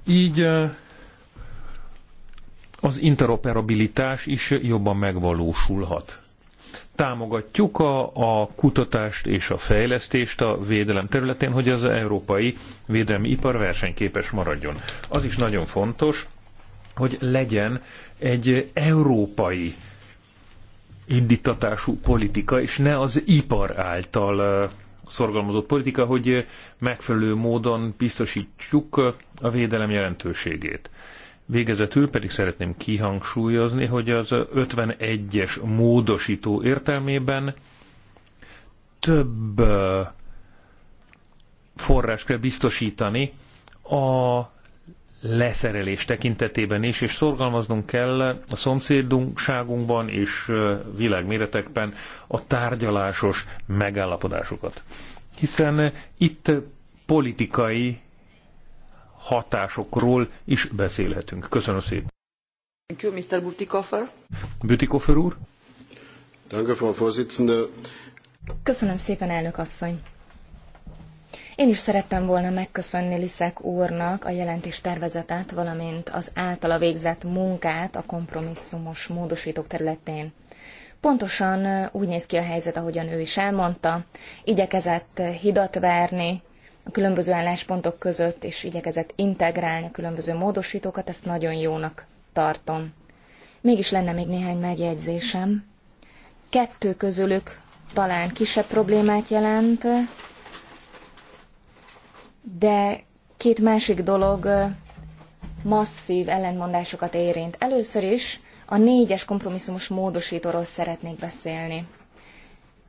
Így eh, az interoperabilitás is jobban megvalósulhat. Támogatjuk a, a kutatást és a fejlesztést a védelem területén, hogy az európai védelmi ipar versenyképes maradjon. Az is nagyon fontos, hogy legyen egy európai indítatású politika, és ne az ipar által szorgalmazott politika, hogy megfelelő módon biztosítsuk a védelem jelentőségét. Végezetül pedig szeretném kihangsúlyozni, hogy az 51-es módosító értelmében több forrás kell biztosítani a leszerelés tekintetében is, és szorgalmaznunk kell a szomszédunkságunkban és világméretekben a tárgyalásos megállapodásokat. Hiszen itt politikai hatásokról is beszélhetünk. Köszönöm szépen. Thank you, Mr. Butikoffer. Butikoffer úr. Danke, Frau Vorsitzende. Köszönöm szépen, elnök asszony. Én is szerettem volna megköszönni Liszek úrnak a jelentés tervezetét, valamint az általa végzett munkát a kompromisszumos módosítók területén. Pontosan úgy néz ki a helyzet, ahogyan ő is elmondta. Igyekezett hidat verni, a különböző álláspontok között, és igyekezett integrálni a különböző módosítókat, ezt nagyon jónak tartom. Mégis lenne még néhány megjegyzésem. Kettő közülük talán kisebb problémát jelent, de két másik dolog masszív ellentmondásokat érint. Először is a négyes kompromisszumos módosítóról szeretnék beszélni.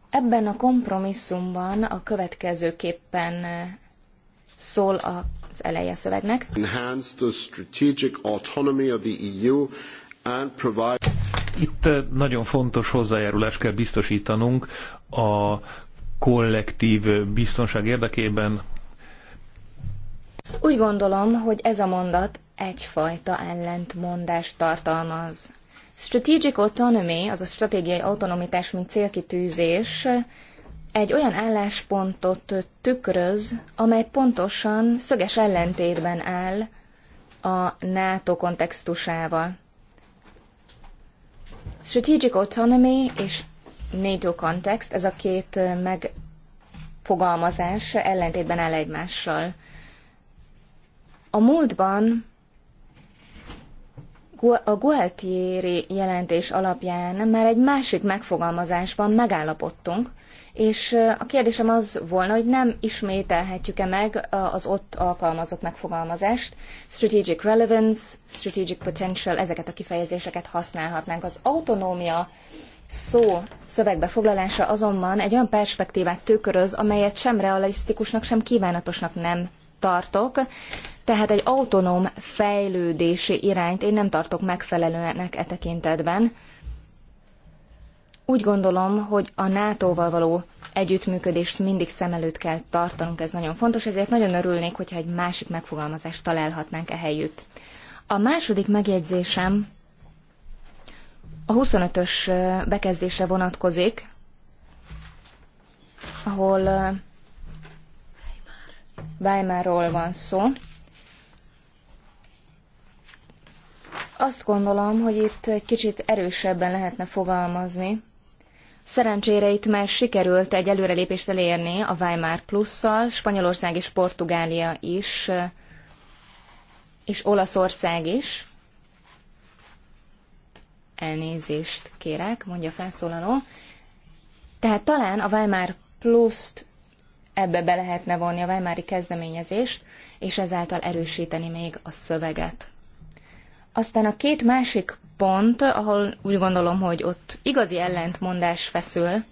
Ebben a kompromisszumban a következőképpen szól az eleje szövegnek. Enhance the strategic autonomy of the EU and provide... Itt eh, nagyon fontos hozzájárulást kell biztosítanunk a kollektív eh, biztonság érdekében. Úgy gondolom, hogy ez a mondat egyfajta ellentmondást tartalmaz. Strategic autonomy, az a stratégiai autonomitás, mint célkitűzés, egy olyan álláspontot tükröz, amely pontosan szöges ellentétben áll a NATO kontextusával. Strategic autonomy és NATO context, ez a két megfogalmazás ellentétben áll egymással. A múltban a Gualtieri jelentés alapján már egy másik megfogalmazásban megállapodtunk, és a kérdésem az volna, hogy nem ismételhetjük-e meg az ott alkalmazott megfogalmazást. Strategic relevance, strategic potential, ezeket a kifejezéseket használhatnánk. Az autonómia szó szövegbe foglalása azonban egy olyan perspektívát tükröz, amelyet sem realisztikusnak, sem kívánatosnak nem tartok. Tehát egy autonóm fejlődési irányt én nem tartok megfelelőnek e tekintetben. Úgy gondolom, hogy a NATO-val való együttműködést mindig szem előtt kell tartanunk, ez nagyon fontos, ezért nagyon örülnék, hogyha egy másik megfogalmazást találhatnánk ehelyütt. A második megjegyzésem a 25-ös bekezdésre vonatkozik, ahol Weimarról van szó. Azt gondolom, hogy itt egy kicsit erősebben lehetne fogalmazni, Szerencsére itt már sikerült egy előrelépést elérni a Weimar plusszal, Spanyolország és Portugália is, és Olaszország is. Elnézést kérek, mondja felszólaló. Tehát talán a Weimar pluszt ebbe be lehetne vonni a Weimári kezdeményezést, és ezáltal erősíteni még a szöveget. Aztán a két másik pont, ahol úgy gondolom, hogy ott igazi ellentmondás feszül,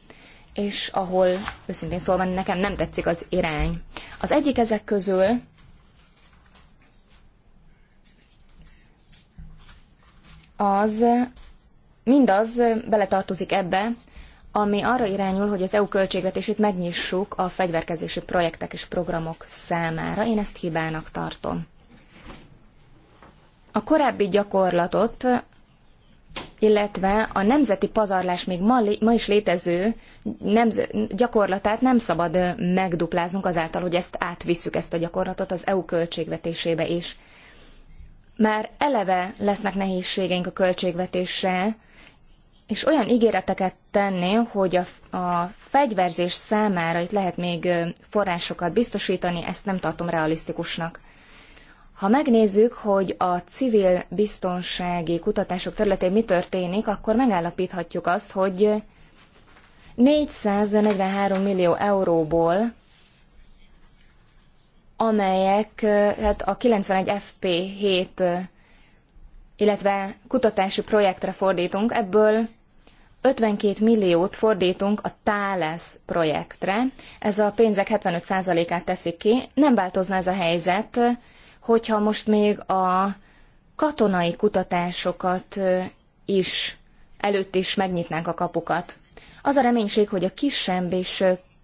és ahol őszintén szólva nekem nem tetszik az irány. Az egyik ezek közül az mindaz beletartozik ebbe, ami arra irányul, hogy az EU költségvetését megnyissuk a fegyverkezési projektek és programok számára. Én ezt hibának tartom. A korábbi gyakorlatot illetve a nemzeti pazarlás még ma, ma is létező nemze- gyakorlatát nem szabad megdupláznunk azáltal, hogy ezt átvisszük, ezt a gyakorlatot az EU költségvetésébe is. Már eleve lesznek nehézségeink a költségvetéssel, és olyan ígéreteket tenni, hogy a, a fegyverzés számára itt lehet még forrásokat biztosítani, ezt nem tartom realisztikusnak. Ha megnézzük, hogy a civil biztonsági kutatások területén mi történik, akkor megállapíthatjuk azt, hogy 443 millió euróból, amelyek hát a 91 FP7, illetve kutatási projektre fordítunk, ebből 52 milliót fordítunk a TALES projektre. Ez a pénzek 75%-át teszik ki. Nem változna ez a helyzet, hogyha most még a katonai kutatásokat is előtt is megnyitnánk a kapukat. Az a reménység, hogy a kisebb és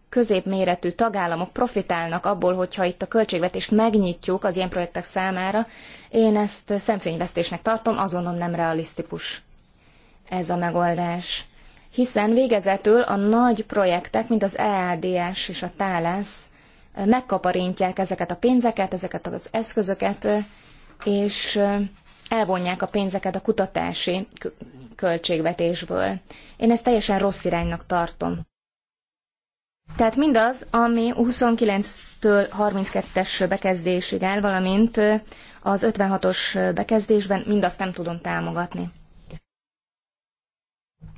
középméretű tagállamok profitálnak abból, hogyha itt a költségvetést megnyitjuk az ilyen projektek számára, én ezt szemfényvesztésnek tartom, azonban nem realisztikus ez a megoldás. Hiszen végezetül a nagy projektek, mint az EADS és a TALESZ megkaparintják ezeket a pénzeket, ezeket az eszközöket, és elvonják a pénzeket a kutatási költségvetésből. Én ezt teljesen rossz iránynak tartom. Tehát mindaz, ami 29-től 32-es bekezdésig áll, valamint az 56-os bekezdésben, mindazt nem tudom támogatni.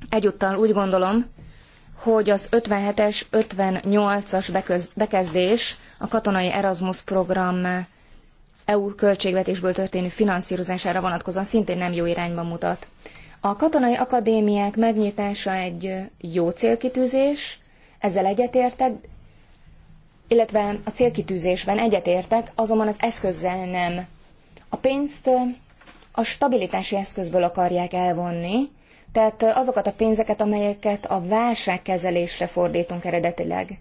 Egyúttal úgy gondolom, hogy az 57-es, 58-as bekezdés a katonai Erasmus program eh, EU költségvetésből történő finanszírozására vonatkozóan szintén nem jó irányba mutat. A katonai akadémiák megnyitása egy eh, jó célkitűzés, ezzel egyetértek, illetve a célkitűzésben egyetértek, azonban az eszközzel nem. A pénzt eh, a stabilitási eszközből akarják elvonni, tehát azokat a pénzeket, amelyeket a válságkezelésre fordítunk eredetileg.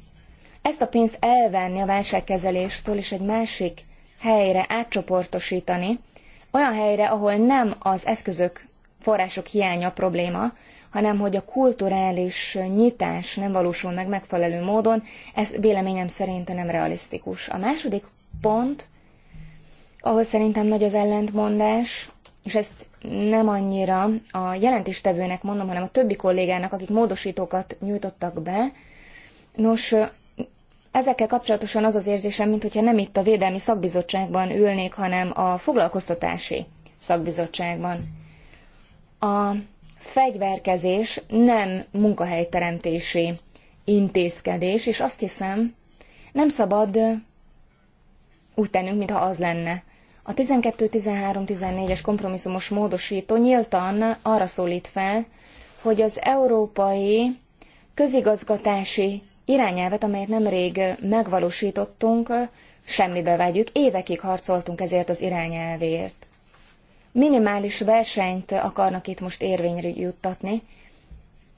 Ezt a pénzt elvenni a válságkezeléstől és egy másik helyre átcsoportosítani, olyan helyre, ahol nem az eszközök, források hiánya a probléma, hanem hogy a kulturális nyitás nem valósul meg megfelelő módon, ez véleményem szerint nem realisztikus. A második pont, ahol szerintem nagy az ellentmondás, és ezt nem annyira a jelentéstevőnek mondom, hanem a többi kollégának, akik módosítókat nyújtottak be. Nos, ezekkel kapcsolatosan az az érzésem, mintha nem itt a Védelmi Szakbizottságban ülnék, hanem a Foglalkoztatási Szakbizottságban. A fegyverkezés nem munkahelyteremtési intézkedés, és azt hiszem, nem szabad úgy tennünk, mintha az lenne. A 12-13-14-es kompromisszumos módosító nyíltan arra szólít fel, hogy az európai közigazgatási irányelvet, amelyet nemrég megvalósítottunk, semmibe vegyük, évekig harcoltunk ezért az irányelvért. Minimális versenyt akarnak itt most érvényre juttatni,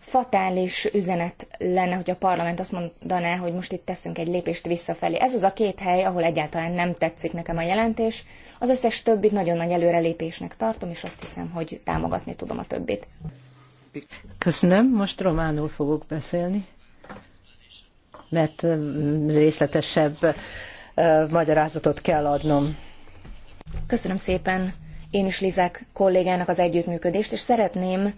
fatális üzenet lenne, hogy a parlament azt mondaná, hogy most itt teszünk egy lépést visszafelé. Ez az a két hely, ahol egyáltalán nem tetszik nekem a jelentés. Az összes többit nagyon nagy előrelépésnek tartom, és azt hiszem, hogy támogatni tudom a többit. Köszönöm, most románul fogok beszélni, mert um, részletesebb uh, magyarázatot kell adnom. Köszönöm szépen én is Lizák kollégának az együttműködést, és szeretném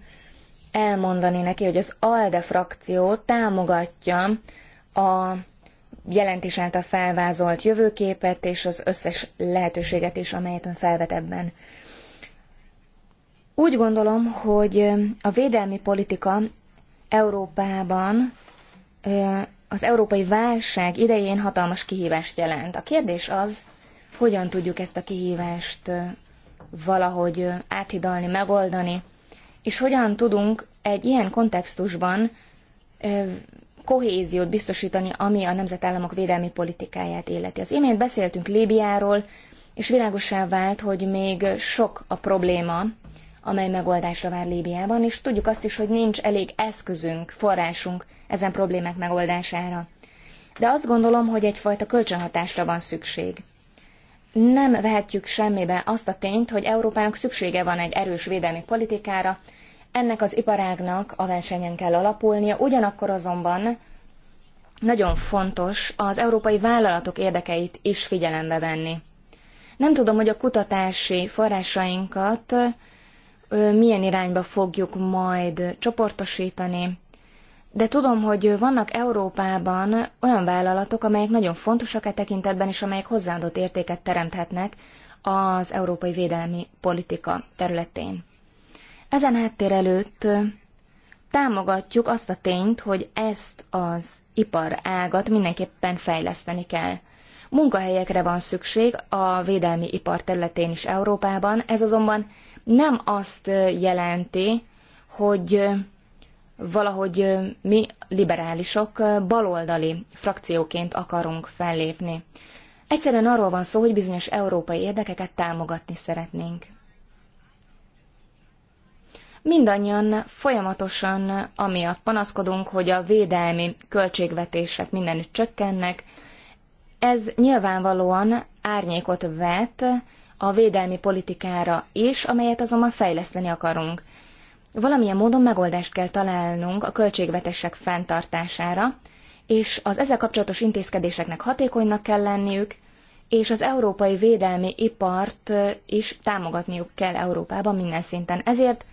elmondani neki, hogy az ALDE frakció támogatja a jelentés által felvázolt jövőképet és az összes lehetőséget is, amelyet ön felvet ebben. Úgy gondolom, hogy a védelmi politika Európában az európai válság idején hatalmas kihívást jelent. A kérdés az, hogyan tudjuk ezt a kihívást valahogy áthidalni, megoldani, és hogyan tudunk egy ilyen kontextusban kohéziót biztosítani, ami a nemzetállamok védelmi politikáját életi. Az imént beszéltünk Líbiáról, és világosá vált, hogy még sok a probléma, amely megoldásra vár Líbiában, és tudjuk azt is, hogy nincs elég eszközünk, forrásunk ezen problémák megoldására. De azt gondolom, hogy egyfajta kölcsönhatásra van szükség. Nem vehetjük semmibe azt a tényt, hogy Európának szüksége van egy erős védelmi politikára, ennek az iparágnak a versenyen kell alapulnia, ugyanakkor azonban nagyon fontos az európai vállalatok érdekeit is figyelembe venni. Nem tudom, hogy a kutatási forrásainkat milyen irányba fogjuk majd csoportosítani, de tudom, hogy vannak Európában olyan vállalatok, amelyek nagyon fontosak e tekintetben, és amelyek hozzáadott értéket teremthetnek az európai védelmi politika területén. Ezen háttér előtt támogatjuk azt a tényt, hogy ezt az ipar ágat mindenképpen fejleszteni kell. Munkahelyekre van szükség a védelmi ipar területén is Európában, ez azonban nem azt jelenti, hogy valahogy mi liberálisok baloldali frakcióként akarunk fellépni. Egyszerűen arról van szó, hogy bizonyos európai érdekeket támogatni szeretnénk. Mindannyian folyamatosan amiatt panaszkodunk, hogy a védelmi költségvetések mindenütt csökkennek. Ez nyilvánvalóan árnyékot vet a védelmi politikára is, amelyet azonban fejleszteni akarunk. Valamilyen módon megoldást kell találnunk a költségvetések fenntartására, és az ezzel kapcsolatos intézkedéseknek hatékonynak kell lenniük, és az európai védelmi ipart is támogatniuk kell Európában minden szinten. Ezért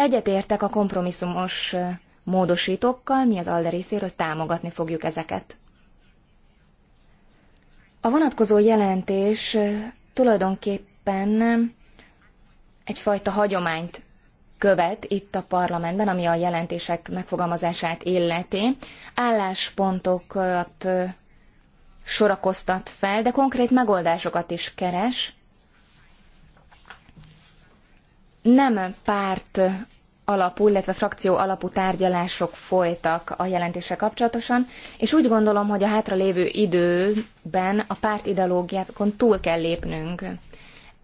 Egyetértek a kompromisszumos módosítókkal, mi az ALDE részéről támogatni fogjuk ezeket. A vonatkozó jelentés tulajdonképpen egyfajta hagyományt követ itt a parlamentben, ami a jelentések megfogalmazását illeti. Álláspontokat sorakoztat fel, de konkrét megoldásokat is keres. Nem párt alapú, illetve frakció alapú tárgyalások folytak a jelentése kapcsolatosan, és úgy gondolom, hogy a hátralévő időben a párt ideológiákon túl kell lépnünk.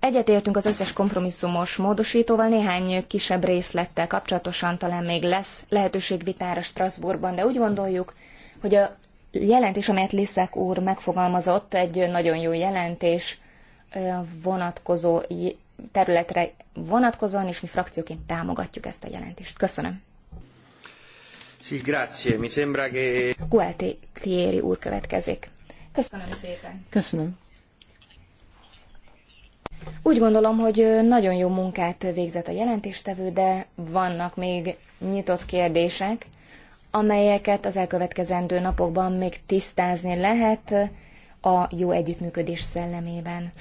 Egyetértünk az összes kompromisszumos módosítóval, néhány kisebb részlettel kapcsolatosan talán még lesz lehetőség vitára Strasbourgban, de úgy gondoljuk, hogy a jelentés, amelyet Liszek úr megfogalmazott, egy nagyon jó jelentés, vonatkozó területre vonatkozóan, és mi frakcióként támogatjuk ezt a jelentést. Köszönöm. Sí, grazie. Mi sembra che... Gualtieri úr következik. Köszönöm szépen. Köszönöm. Úgy gondolom, hogy nagyon jó munkát végzett a jelentéstevő, de vannak még nyitott kérdések, amelyeket az elkövetkezendő napokban még tisztázni lehet a jó együttműködés szellemében.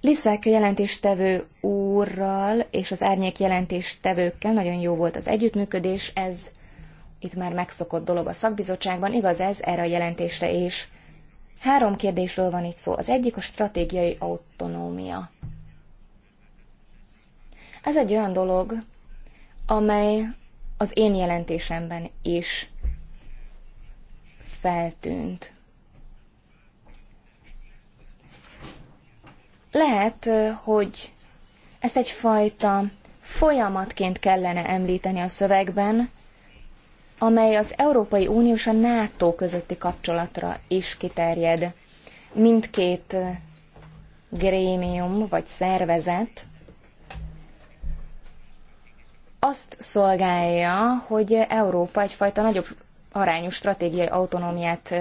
Liszek jelentéstevő úrral és az árnyék jelentéstevőkkel nagyon jó volt az együttműködés, ez itt már megszokott dolog a szakbizottságban, igaz ez erre a jelentésre is. Három kérdésről van itt szó. Az egyik a stratégiai autonómia. Ez egy olyan dolog, amely az én jelentésemben is feltűnt. Lehet, hogy ezt egyfajta folyamatként kellene említeni a szövegben, amely az Európai Unió és a NATO közötti kapcsolatra is kiterjed. Mindkét grémium vagy szervezet azt szolgálja, hogy Európa egyfajta nagyobb arányú stratégiai autonómiát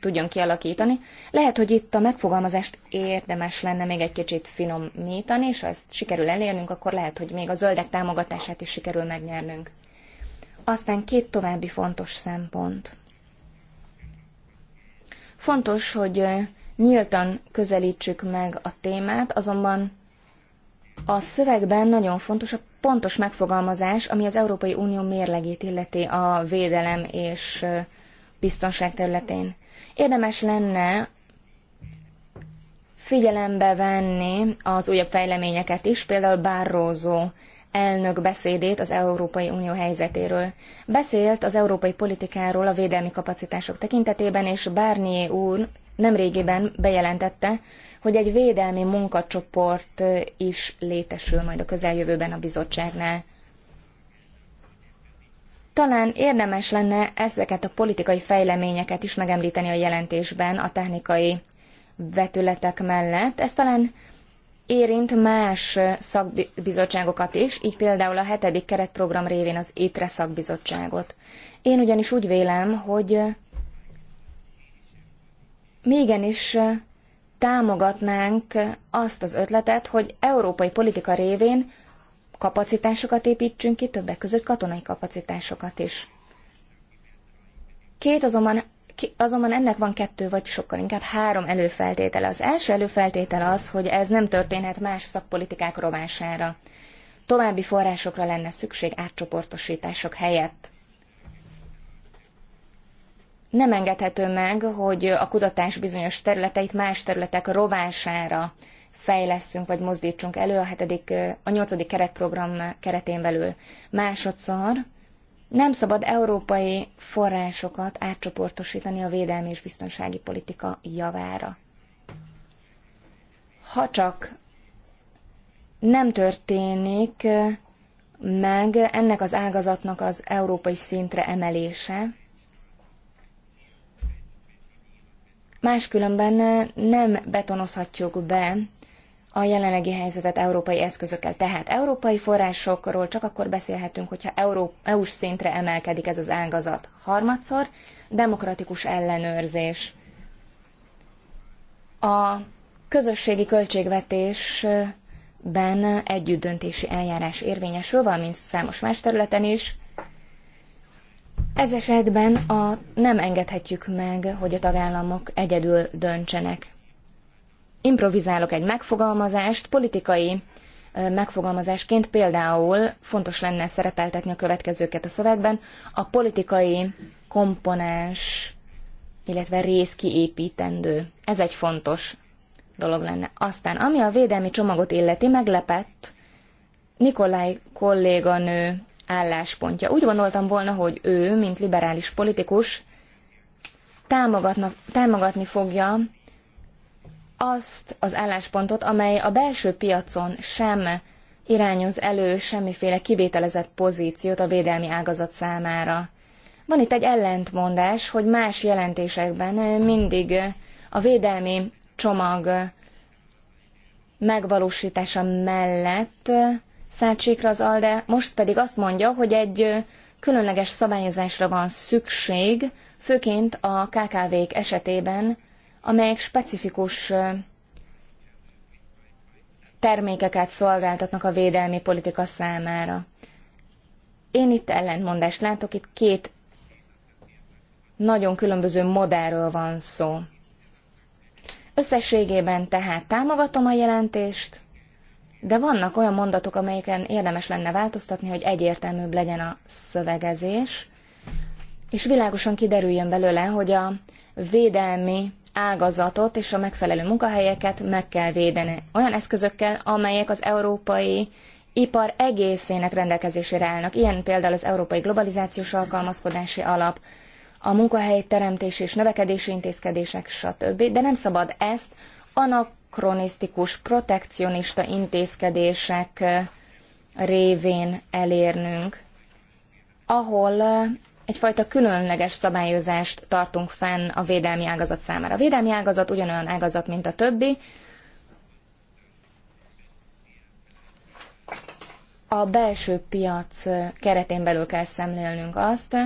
tudjon kialakítani. Lehet, hogy itt a megfogalmazást érdemes lenne még egy kicsit finomítani, és ha ezt sikerül elérnünk, akkor lehet, hogy még a zöldek támogatását is sikerül megnyernünk. Aztán két további fontos szempont. Fontos, hogy nyíltan közelítsük meg a témát, azonban a szövegben nagyon fontos a pontos megfogalmazás, ami az Európai Unió mérlegét illeti a védelem és biztonság területén. Érdemes lenne figyelembe venni az újabb fejleményeket is, például Barroso elnök beszédét az Európai Unió helyzetéről. Beszélt az európai politikáról a védelmi kapacitások tekintetében, és Barnier úr nemrégiben bejelentette, hogy egy védelmi munkacsoport is létesül majd a közeljövőben a bizottságnál. Talán érdemes lenne ezeket a politikai fejleményeket is megemlíteni a jelentésben a technikai vetületek mellett. Ez talán érint más szakbizottságokat is, így például a hetedik keretprogram révén az étre szakbizottságot. Én ugyanis úgy vélem, hogy mégenis támogatnánk azt az ötletet, hogy európai politika révén kapacitásokat építsünk ki, többek között katonai kapacitásokat is. Két azonban, azonban ennek van kettő, vagy sokkal inkább három előfeltétele. Az első előfeltétele az, hogy ez nem történhet más szakpolitikák rovására. További forrásokra lenne szükség átcsoportosítások helyett. Nem engedhető meg, hogy a kutatás bizonyos területeit más területek rovására fejleszünk vagy mozdítsunk elő a, hetedik, a nyolcadik keretprogram keretén belül. Másodszor nem szabad európai forrásokat átcsoportosítani a védelmi és biztonsági politika javára. Ha csak nem történik meg ennek az ágazatnak az európai szintre emelése, máskülönben nem betonozhatjuk be a jelenlegi helyzetet európai eszközökkel. Tehát európai forrásokról csak akkor beszélhetünk, hogyha EU-s szintre emelkedik ez az ágazat. Harmadszor, demokratikus ellenőrzés. A közösségi költségvetésben együttdöntési eljárás érvényesül, valamint számos más területen is. Ez esetben a, nem engedhetjük meg, hogy a tagállamok egyedül döntsenek improvizálok egy megfogalmazást, politikai megfogalmazásként például fontos lenne szerepeltetni a következőket a szövegben, a politikai komponens, illetve rész kiépítendő. Ez egy fontos dolog lenne. Aztán, ami a védelmi csomagot illeti, meglepett Nikolaj kolléganő álláspontja. Úgy gondoltam volna, hogy ő, mint liberális politikus, támogatna, támogatni fogja azt az álláspontot, amely a belső piacon sem irányoz elő semmiféle kivételezett pozíciót a védelmi ágazat számára. Van itt egy ellentmondás, hogy más jelentésekben mindig a védelmi csomag megvalósítása mellett szállt az ALDE, most pedig azt mondja, hogy egy különleges szabályozásra van szükség, főként a KKV-k esetében, amelyek specifikus termékeket szolgáltatnak a védelmi politika számára. Én itt ellentmondást látok, itt két nagyon különböző modellről van szó. Összességében tehát támogatom a jelentést, de vannak olyan mondatok, amelyeken érdemes lenne változtatni, hogy egyértelműbb legyen a szövegezés, és világosan kiderüljön belőle, hogy a védelmi ágazatot és a megfelelő munkahelyeket meg kell védeni. Olyan eszközökkel, amelyek az európai ipar egészének rendelkezésére állnak. Ilyen például az Európai Globalizációs Alkalmazkodási Alap, a munkahely teremtési és növekedési intézkedések, stb. De nem szabad ezt anakronisztikus, protekcionista intézkedések révén elérnünk, ahol egyfajta különleges szabályozást tartunk fenn a védelmi ágazat számára. A védelmi ágazat ugyanolyan ágazat, mint a többi. A belső piac keretén belül kell szemlélnünk azt,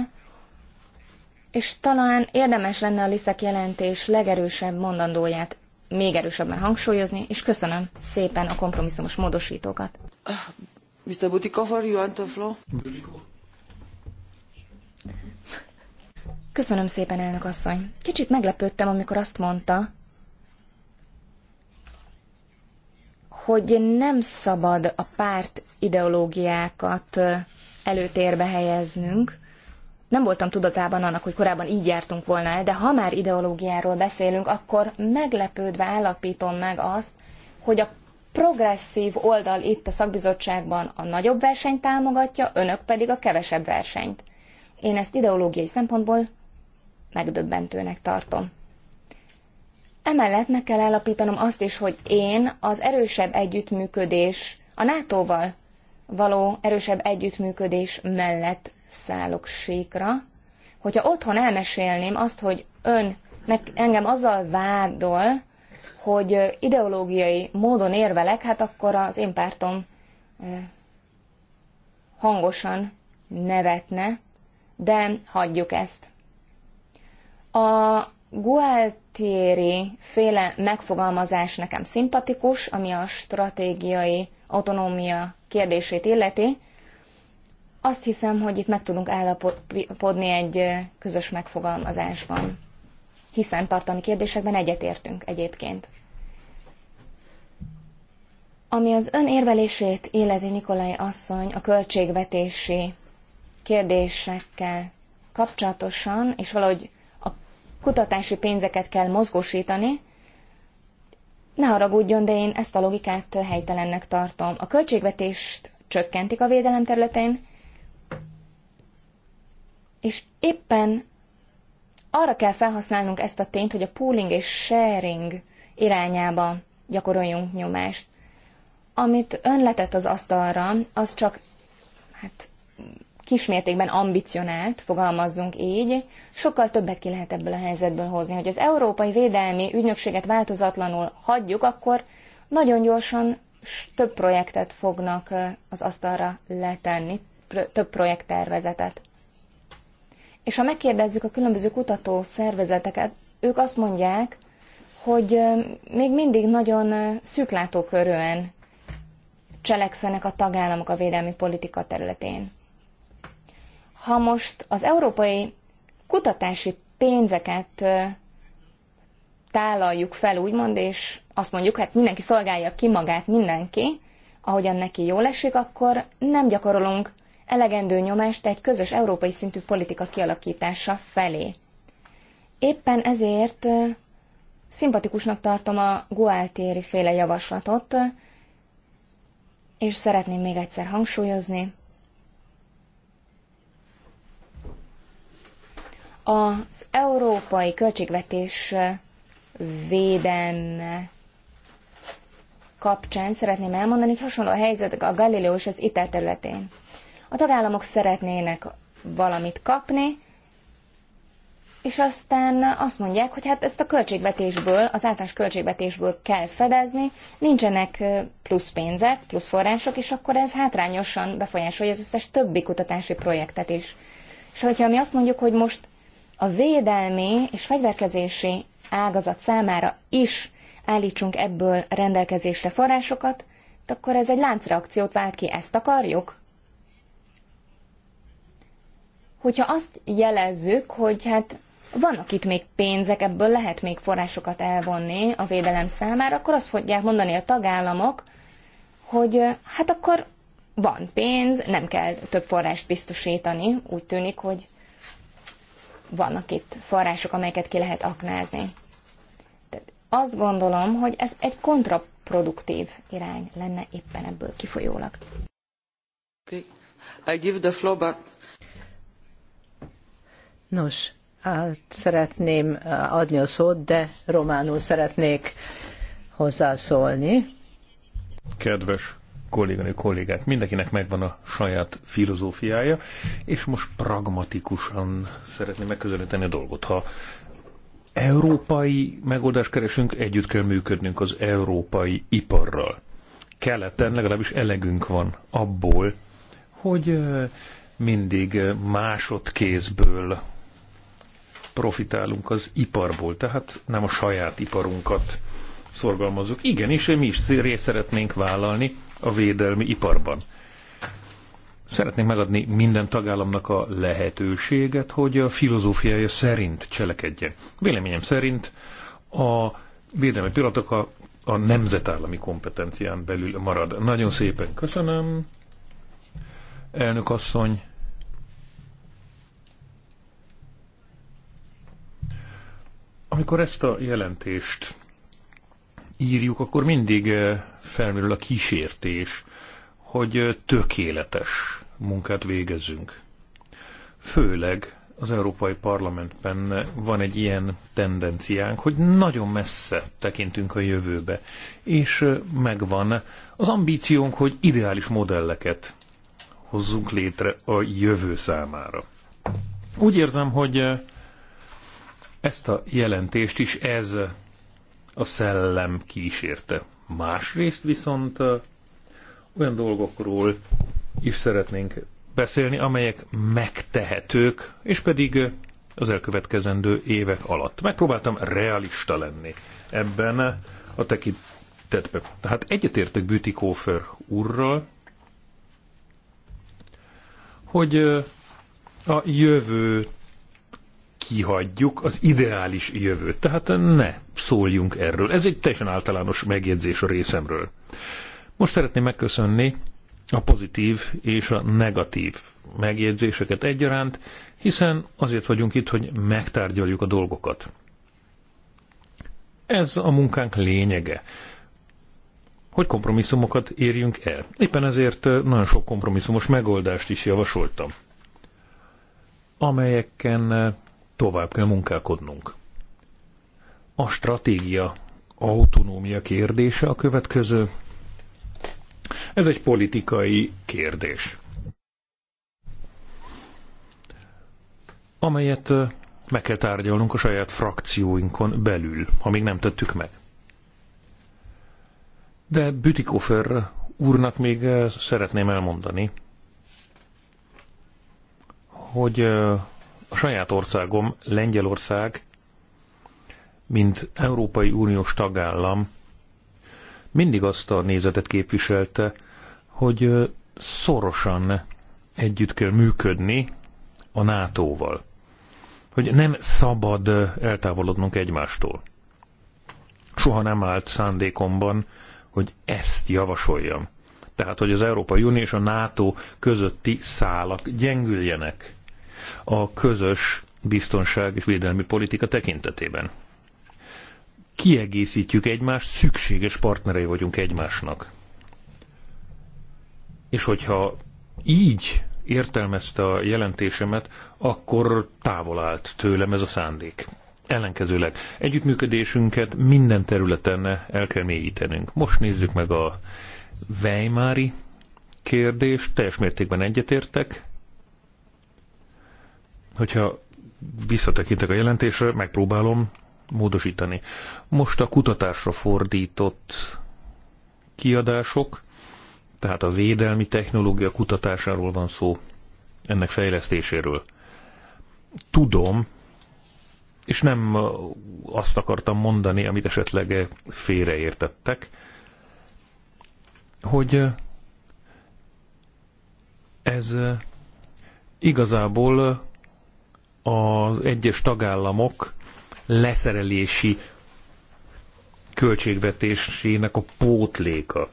és talán érdemes lenne a Liszek jelentés legerősebb mondandóját még erősebben hangsúlyozni, és köszönöm szépen a kompromisszumos módosítókat. Mr. Butikofer, you want the floor? Butikofer. Köszönöm szépen, elnök asszony. Kicsit meglepődtem, amikor azt mondta, hogy nem szabad a párt ideológiákat előtérbe helyeznünk. Nem voltam tudatában annak, hogy korábban így jártunk volna el, de ha már ideológiáról beszélünk, akkor meglepődve állapítom meg azt, hogy a progresszív oldal itt a szakbizottságban a nagyobb versenyt támogatja, önök pedig a kevesebb versenyt. Én ezt ideológiai szempontból megdöbbentőnek tartom. Emellett meg kell állapítanom azt is, hogy én az erősebb együttműködés, a NATO-val való erősebb együttműködés mellett szállok síkra. Hogyha otthon elmesélném azt, hogy ön engem azzal vádol, hogy ideológiai módon érvelek, hát akkor az én pártom hangosan nevetne, de hagyjuk ezt. A Gualtieri féle megfogalmazás nekem szimpatikus, ami a stratégiai autonómia kérdését illeti. Azt hiszem, hogy itt meg tudunk állapodni egy közös megfogalmazásban, hiszen tartalmi kérdésekben egyetértünk egyébként. Ami az ön érvelését illeti Nikolai asszony a költségvetési kérdésekkel kapcsolatosan, és valahogy a kutatási pénzeket kell mozgósítani, ne haragudjon, de én ezt a logikát helytelennek tartom. A költségvetést csökkentik a védelem területén, és éppen arra kell felhasználnunk ezt a tényt, hogy a pooling és sharing irányába gyakoroljunk nyomást. Amit ön letett az asztalra, az csak hát, kismértékben ambicionált, fogalmazzunk így, sokkal többet ki lehet ebből a helyzetből hozni. Hogy az Európai Védelmi Ügynökséget változatlanul hagyjuk, akkor nagyon gyorsan több projektet fognak az asztalra letenni, több projekttervezetet. És ha megkérdezzük a különböző kutató szervezeteket, ők azt mondják, hogy még mindig nagyon szűklátókörűen cselekszenek a tagállamok a védelmi politika területén. Ha most az európai kutatási pénzeket tálaljuk fel, úgymond, és azt mondjuk, hát mindenki szolgálja ki magát, mindenki, ahogyan neki jól esik, akkor nem gyakorolunk elegendő nyomást egy közös európai szintű politika kialakítása felé. Éppen ezért szimpatikusnak tartom a Gualtieri féle javaslatot, és szeretném még egyszer hangsúlyozni, Az európai költségvetés védem kapcsán szeretném elmondani, hogy hasonló a helyzet a Galileo és az ITER területén. A tagállamok szeretnének valamit kapni, és aztán azt mondják, hogy hát ezt a költségvetésből, az általános költségvetésből kell fedezni, nincsenek plusz pénzek, plusz források, és akkor ez hátrányosan befolyásolja az összes többi kutatási projektet is. És hogyha mi azt mondjuk, hogy most a védelmi és fegyverkezési ágazat számára is állítsunk ebből rendelkezésre forrásokat, akkor ez egy láncreakciót vált ki, ezt akarjuk? Hogyha azt jelezzük, hogy hát vannak itt még pénzek, ebből lehet még forrásokat elvonni a védelem számára, akkor azt fogják mondani a tagállamok, hogy hát akkor van pénz, nem kell több forrást biztosítani, úgy tűnik, hogy vannak itt források, amelyeket ki lehet aknázni. Tehát azt gondolom, hogy ez egy kontraproduktív irány lenne éppen ebből kifolyólag. Okay. I give the floor back. Nos, át szeretném eh, adni a szót, de románul szeretnék hozzászólni. Kedves kolléganő kollégák, mindenkinek megvan a saját filozófiája, és most pragmatikusan szeretném megközelíteni a dolgot. Ha európai megoldást keresünk, együtt kell működnünk az európai iparral. Keleten legalábbis elegünk van abból, hogy mindig másodkézből profitálunk az iparból, tehát nem a saját iparunkat szorgalmazzuk. Igenis, mi is részt szeretnénk vállalni a védelmi iparban. Szeretnék megadni minden tagállamnak a lehetőséget, hogy a filozófiája szerint cselekedjen. Véleményem szerint a védelmi pillanatok a, a nemzetállami kompetencián belül marad. Nagyon szépen köszönöm, elnök asszony. Amikor ezt a jelentést írjuk, akkor mindig felmerül a kísértés, hogy tökéletes munkát végezzünk. Főleg az Európai Parlamentben van egy ilyen tendenciánk, hogy nagyon messze tekintünk a jövőbe, és megvan az ambíciónk, hogy ideális modelleket hozzunk létre a jövő számára. Úgy érzem, hogy ezt a jelentést is ez a szellem kísérte. Másrészt viszont olyan dolgokról is szeretnénk beszélni, amelyek megtehetők, és pedig az elkövetkezendő évek alatt. Megpróbáltam realista lenni ebben a tekintetben. Tehát egyetértek Kófer úrral, hogy a jövőt kihagyjuk az ideális jövőt. Tehát ne szóljunk erről. Ez egy teljesen általános megjegyzés a részemről. Most szeretném megköszönni a pozitív és a negatív megjegyzéseket egyaránt, hiszen azért vagyunk itt, hogy megtárgyaljuk a dolgokat. Ez a munkánk lényege, hogy kompromisszumokat érjünk el. Éppen ezért nagyon sok kompromisszumos megoldást is javasoltam, amelyeken tovább kell munkálkodnunk. A stratégia autonómia kérdése a következő. Ez egy politikai kérdés, amelyet meg kell tárgyalnunk a saját frakcióinkon belül, ha még nem tettük meg. De Bütikofer úrnak még szeretném elmondani, hogy a saját országom, Lengyelország, mint Európai Uniós tagállam mindig azt a nézetet képviselte, hogy szorosan együtt kell működni a NATO-val. Hogy nem szabad eltávolodnunk egymástól. Soha nem állt szándékomban, hogy ezt javasoljam. Tehát, hogy az Európai Unió és a NATO közötti szálak gyengüljenek a közös biztonság és védelmi politika tekintetében. Kiegészítjük egymást, szükséges partnerei vagyunk egymásnak. És hogyha így értelmezte a jelentésemet, akkor távol állt tőlem ez a szándék. Ellenkezőleg együttműködésünket minden területen el kell mélyítenünk. Most nézzük meg a Weimári kérdést, teljes mértékben egyetértek, hogyha visszatekintek a jelentésre, megpróbálom módosítani. Most a kutatásra fordított kiadások, tehát a védelmi technológia kutatásáról van szó, ennek fejlesztéséről. Tudom, és nem azt akartam mondani, amit esetleg félreértettek, hogy ez igazából az egyes tagállamok leszerelési költségvetésének a pótléka.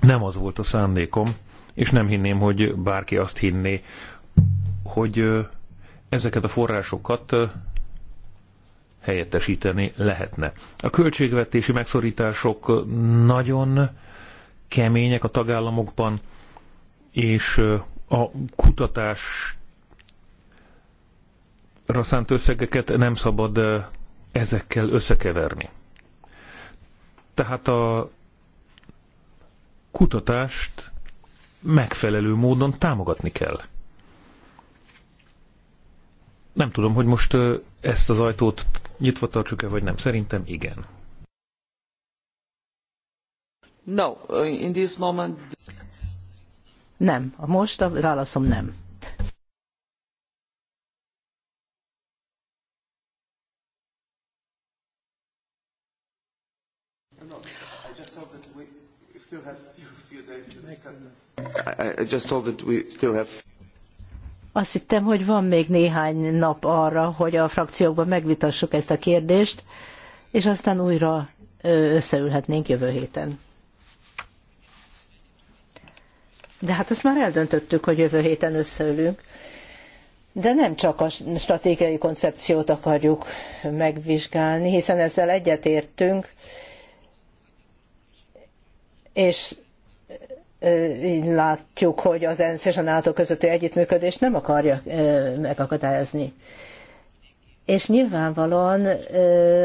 Nem az volt a szándékom, és nem hinném, hogy bárki azt hinné, hogy ezeket a forrásokat helyettesíteni lehetne. A költségvetési megszorítások nagyon kemények a tagállamokban, és a kutatás szánt összegeket nem szabad ezekkel összekeverni. Tehát a kutatást megfelelő módon támogatni kell. Nem tudom, hogy most ezt az ajtót nyitva tartsuk-e, vagy nem. Szerintem igen. No, in this moment... Nem. Most a válaszom nem. still have few days to discuss that. I just told that we still have... Azt hittem, hogy van még néhány nap arra, hogy a frakciókban megvitassuk ezt a kérdést, és aztán újra összeülhetnénk jövő héten. De hát ezt már eldöntöttük, hogy jövő héten összeülünk. De nem csak a stratégiai koncepciót akarjuk megvizsgálni, hiszen ezzel egyetértünk, és így látjuk, hogy az ENSZ és a NATO közötti együttműködés nem akarja megakadályozni. És nyilvánvalóan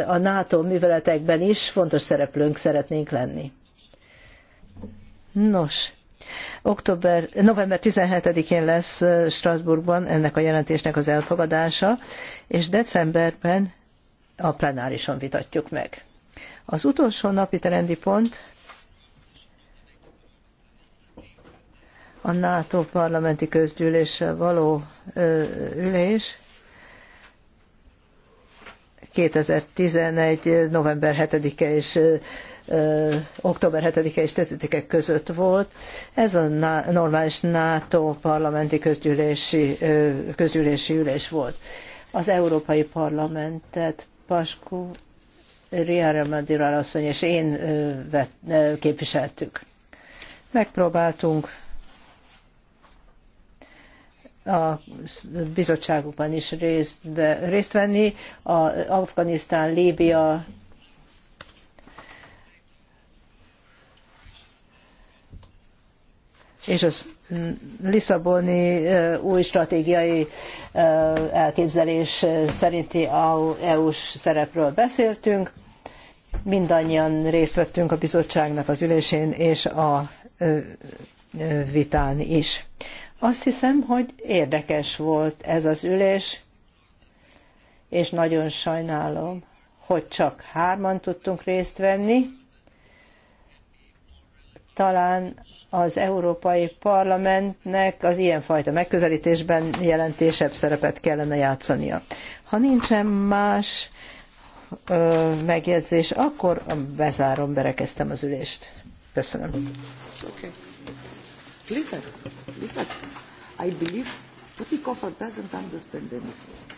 a NATO műveletekben is fontos szereplőnk szeretnénk lenni. Nos, október, november 17-én lesz Strasbourgban ennek a jelentésnek az elfogadása, és decemberben a plenárison vitatjuk meg. Az utolsó napi terendi pont a NATO parlamenti közgyűléssel való ülés 2011. november 7-e és október 7-e és 10-e között volt. Ez a normális NATO parlamenti közgyűlési, közgyűlési ülés volt. Az Európai Parlamentet Pasku Riara Madira asszony és én képviseltük. Megpróbáltunk a bizottságokban is részt, be, részt venni, a Afganisztán, Líbia, és az Lisszaboni eh, új stratégiai eh, elképzelés szerinti EU-s szerepről beszéltünk. Mindannyian részt vettünk a bizottságnak az ülésén és a eh, vitán is. Azt hiszem, hogy érdekes volt ez az ülés, és nagyon sajnálom, hogy csak hárman tudtunk részt venni. Talán az Európai Parlamentnek az ilyenfajta megközelítésben jelentésebb szerepet kellene játszania. Ha nincsen más ö, megjegyzés, akkor bezárom, berekeztem az ülést. Köszönöm. Okay. Listen, I believe Putikoffer doesn't understand anything.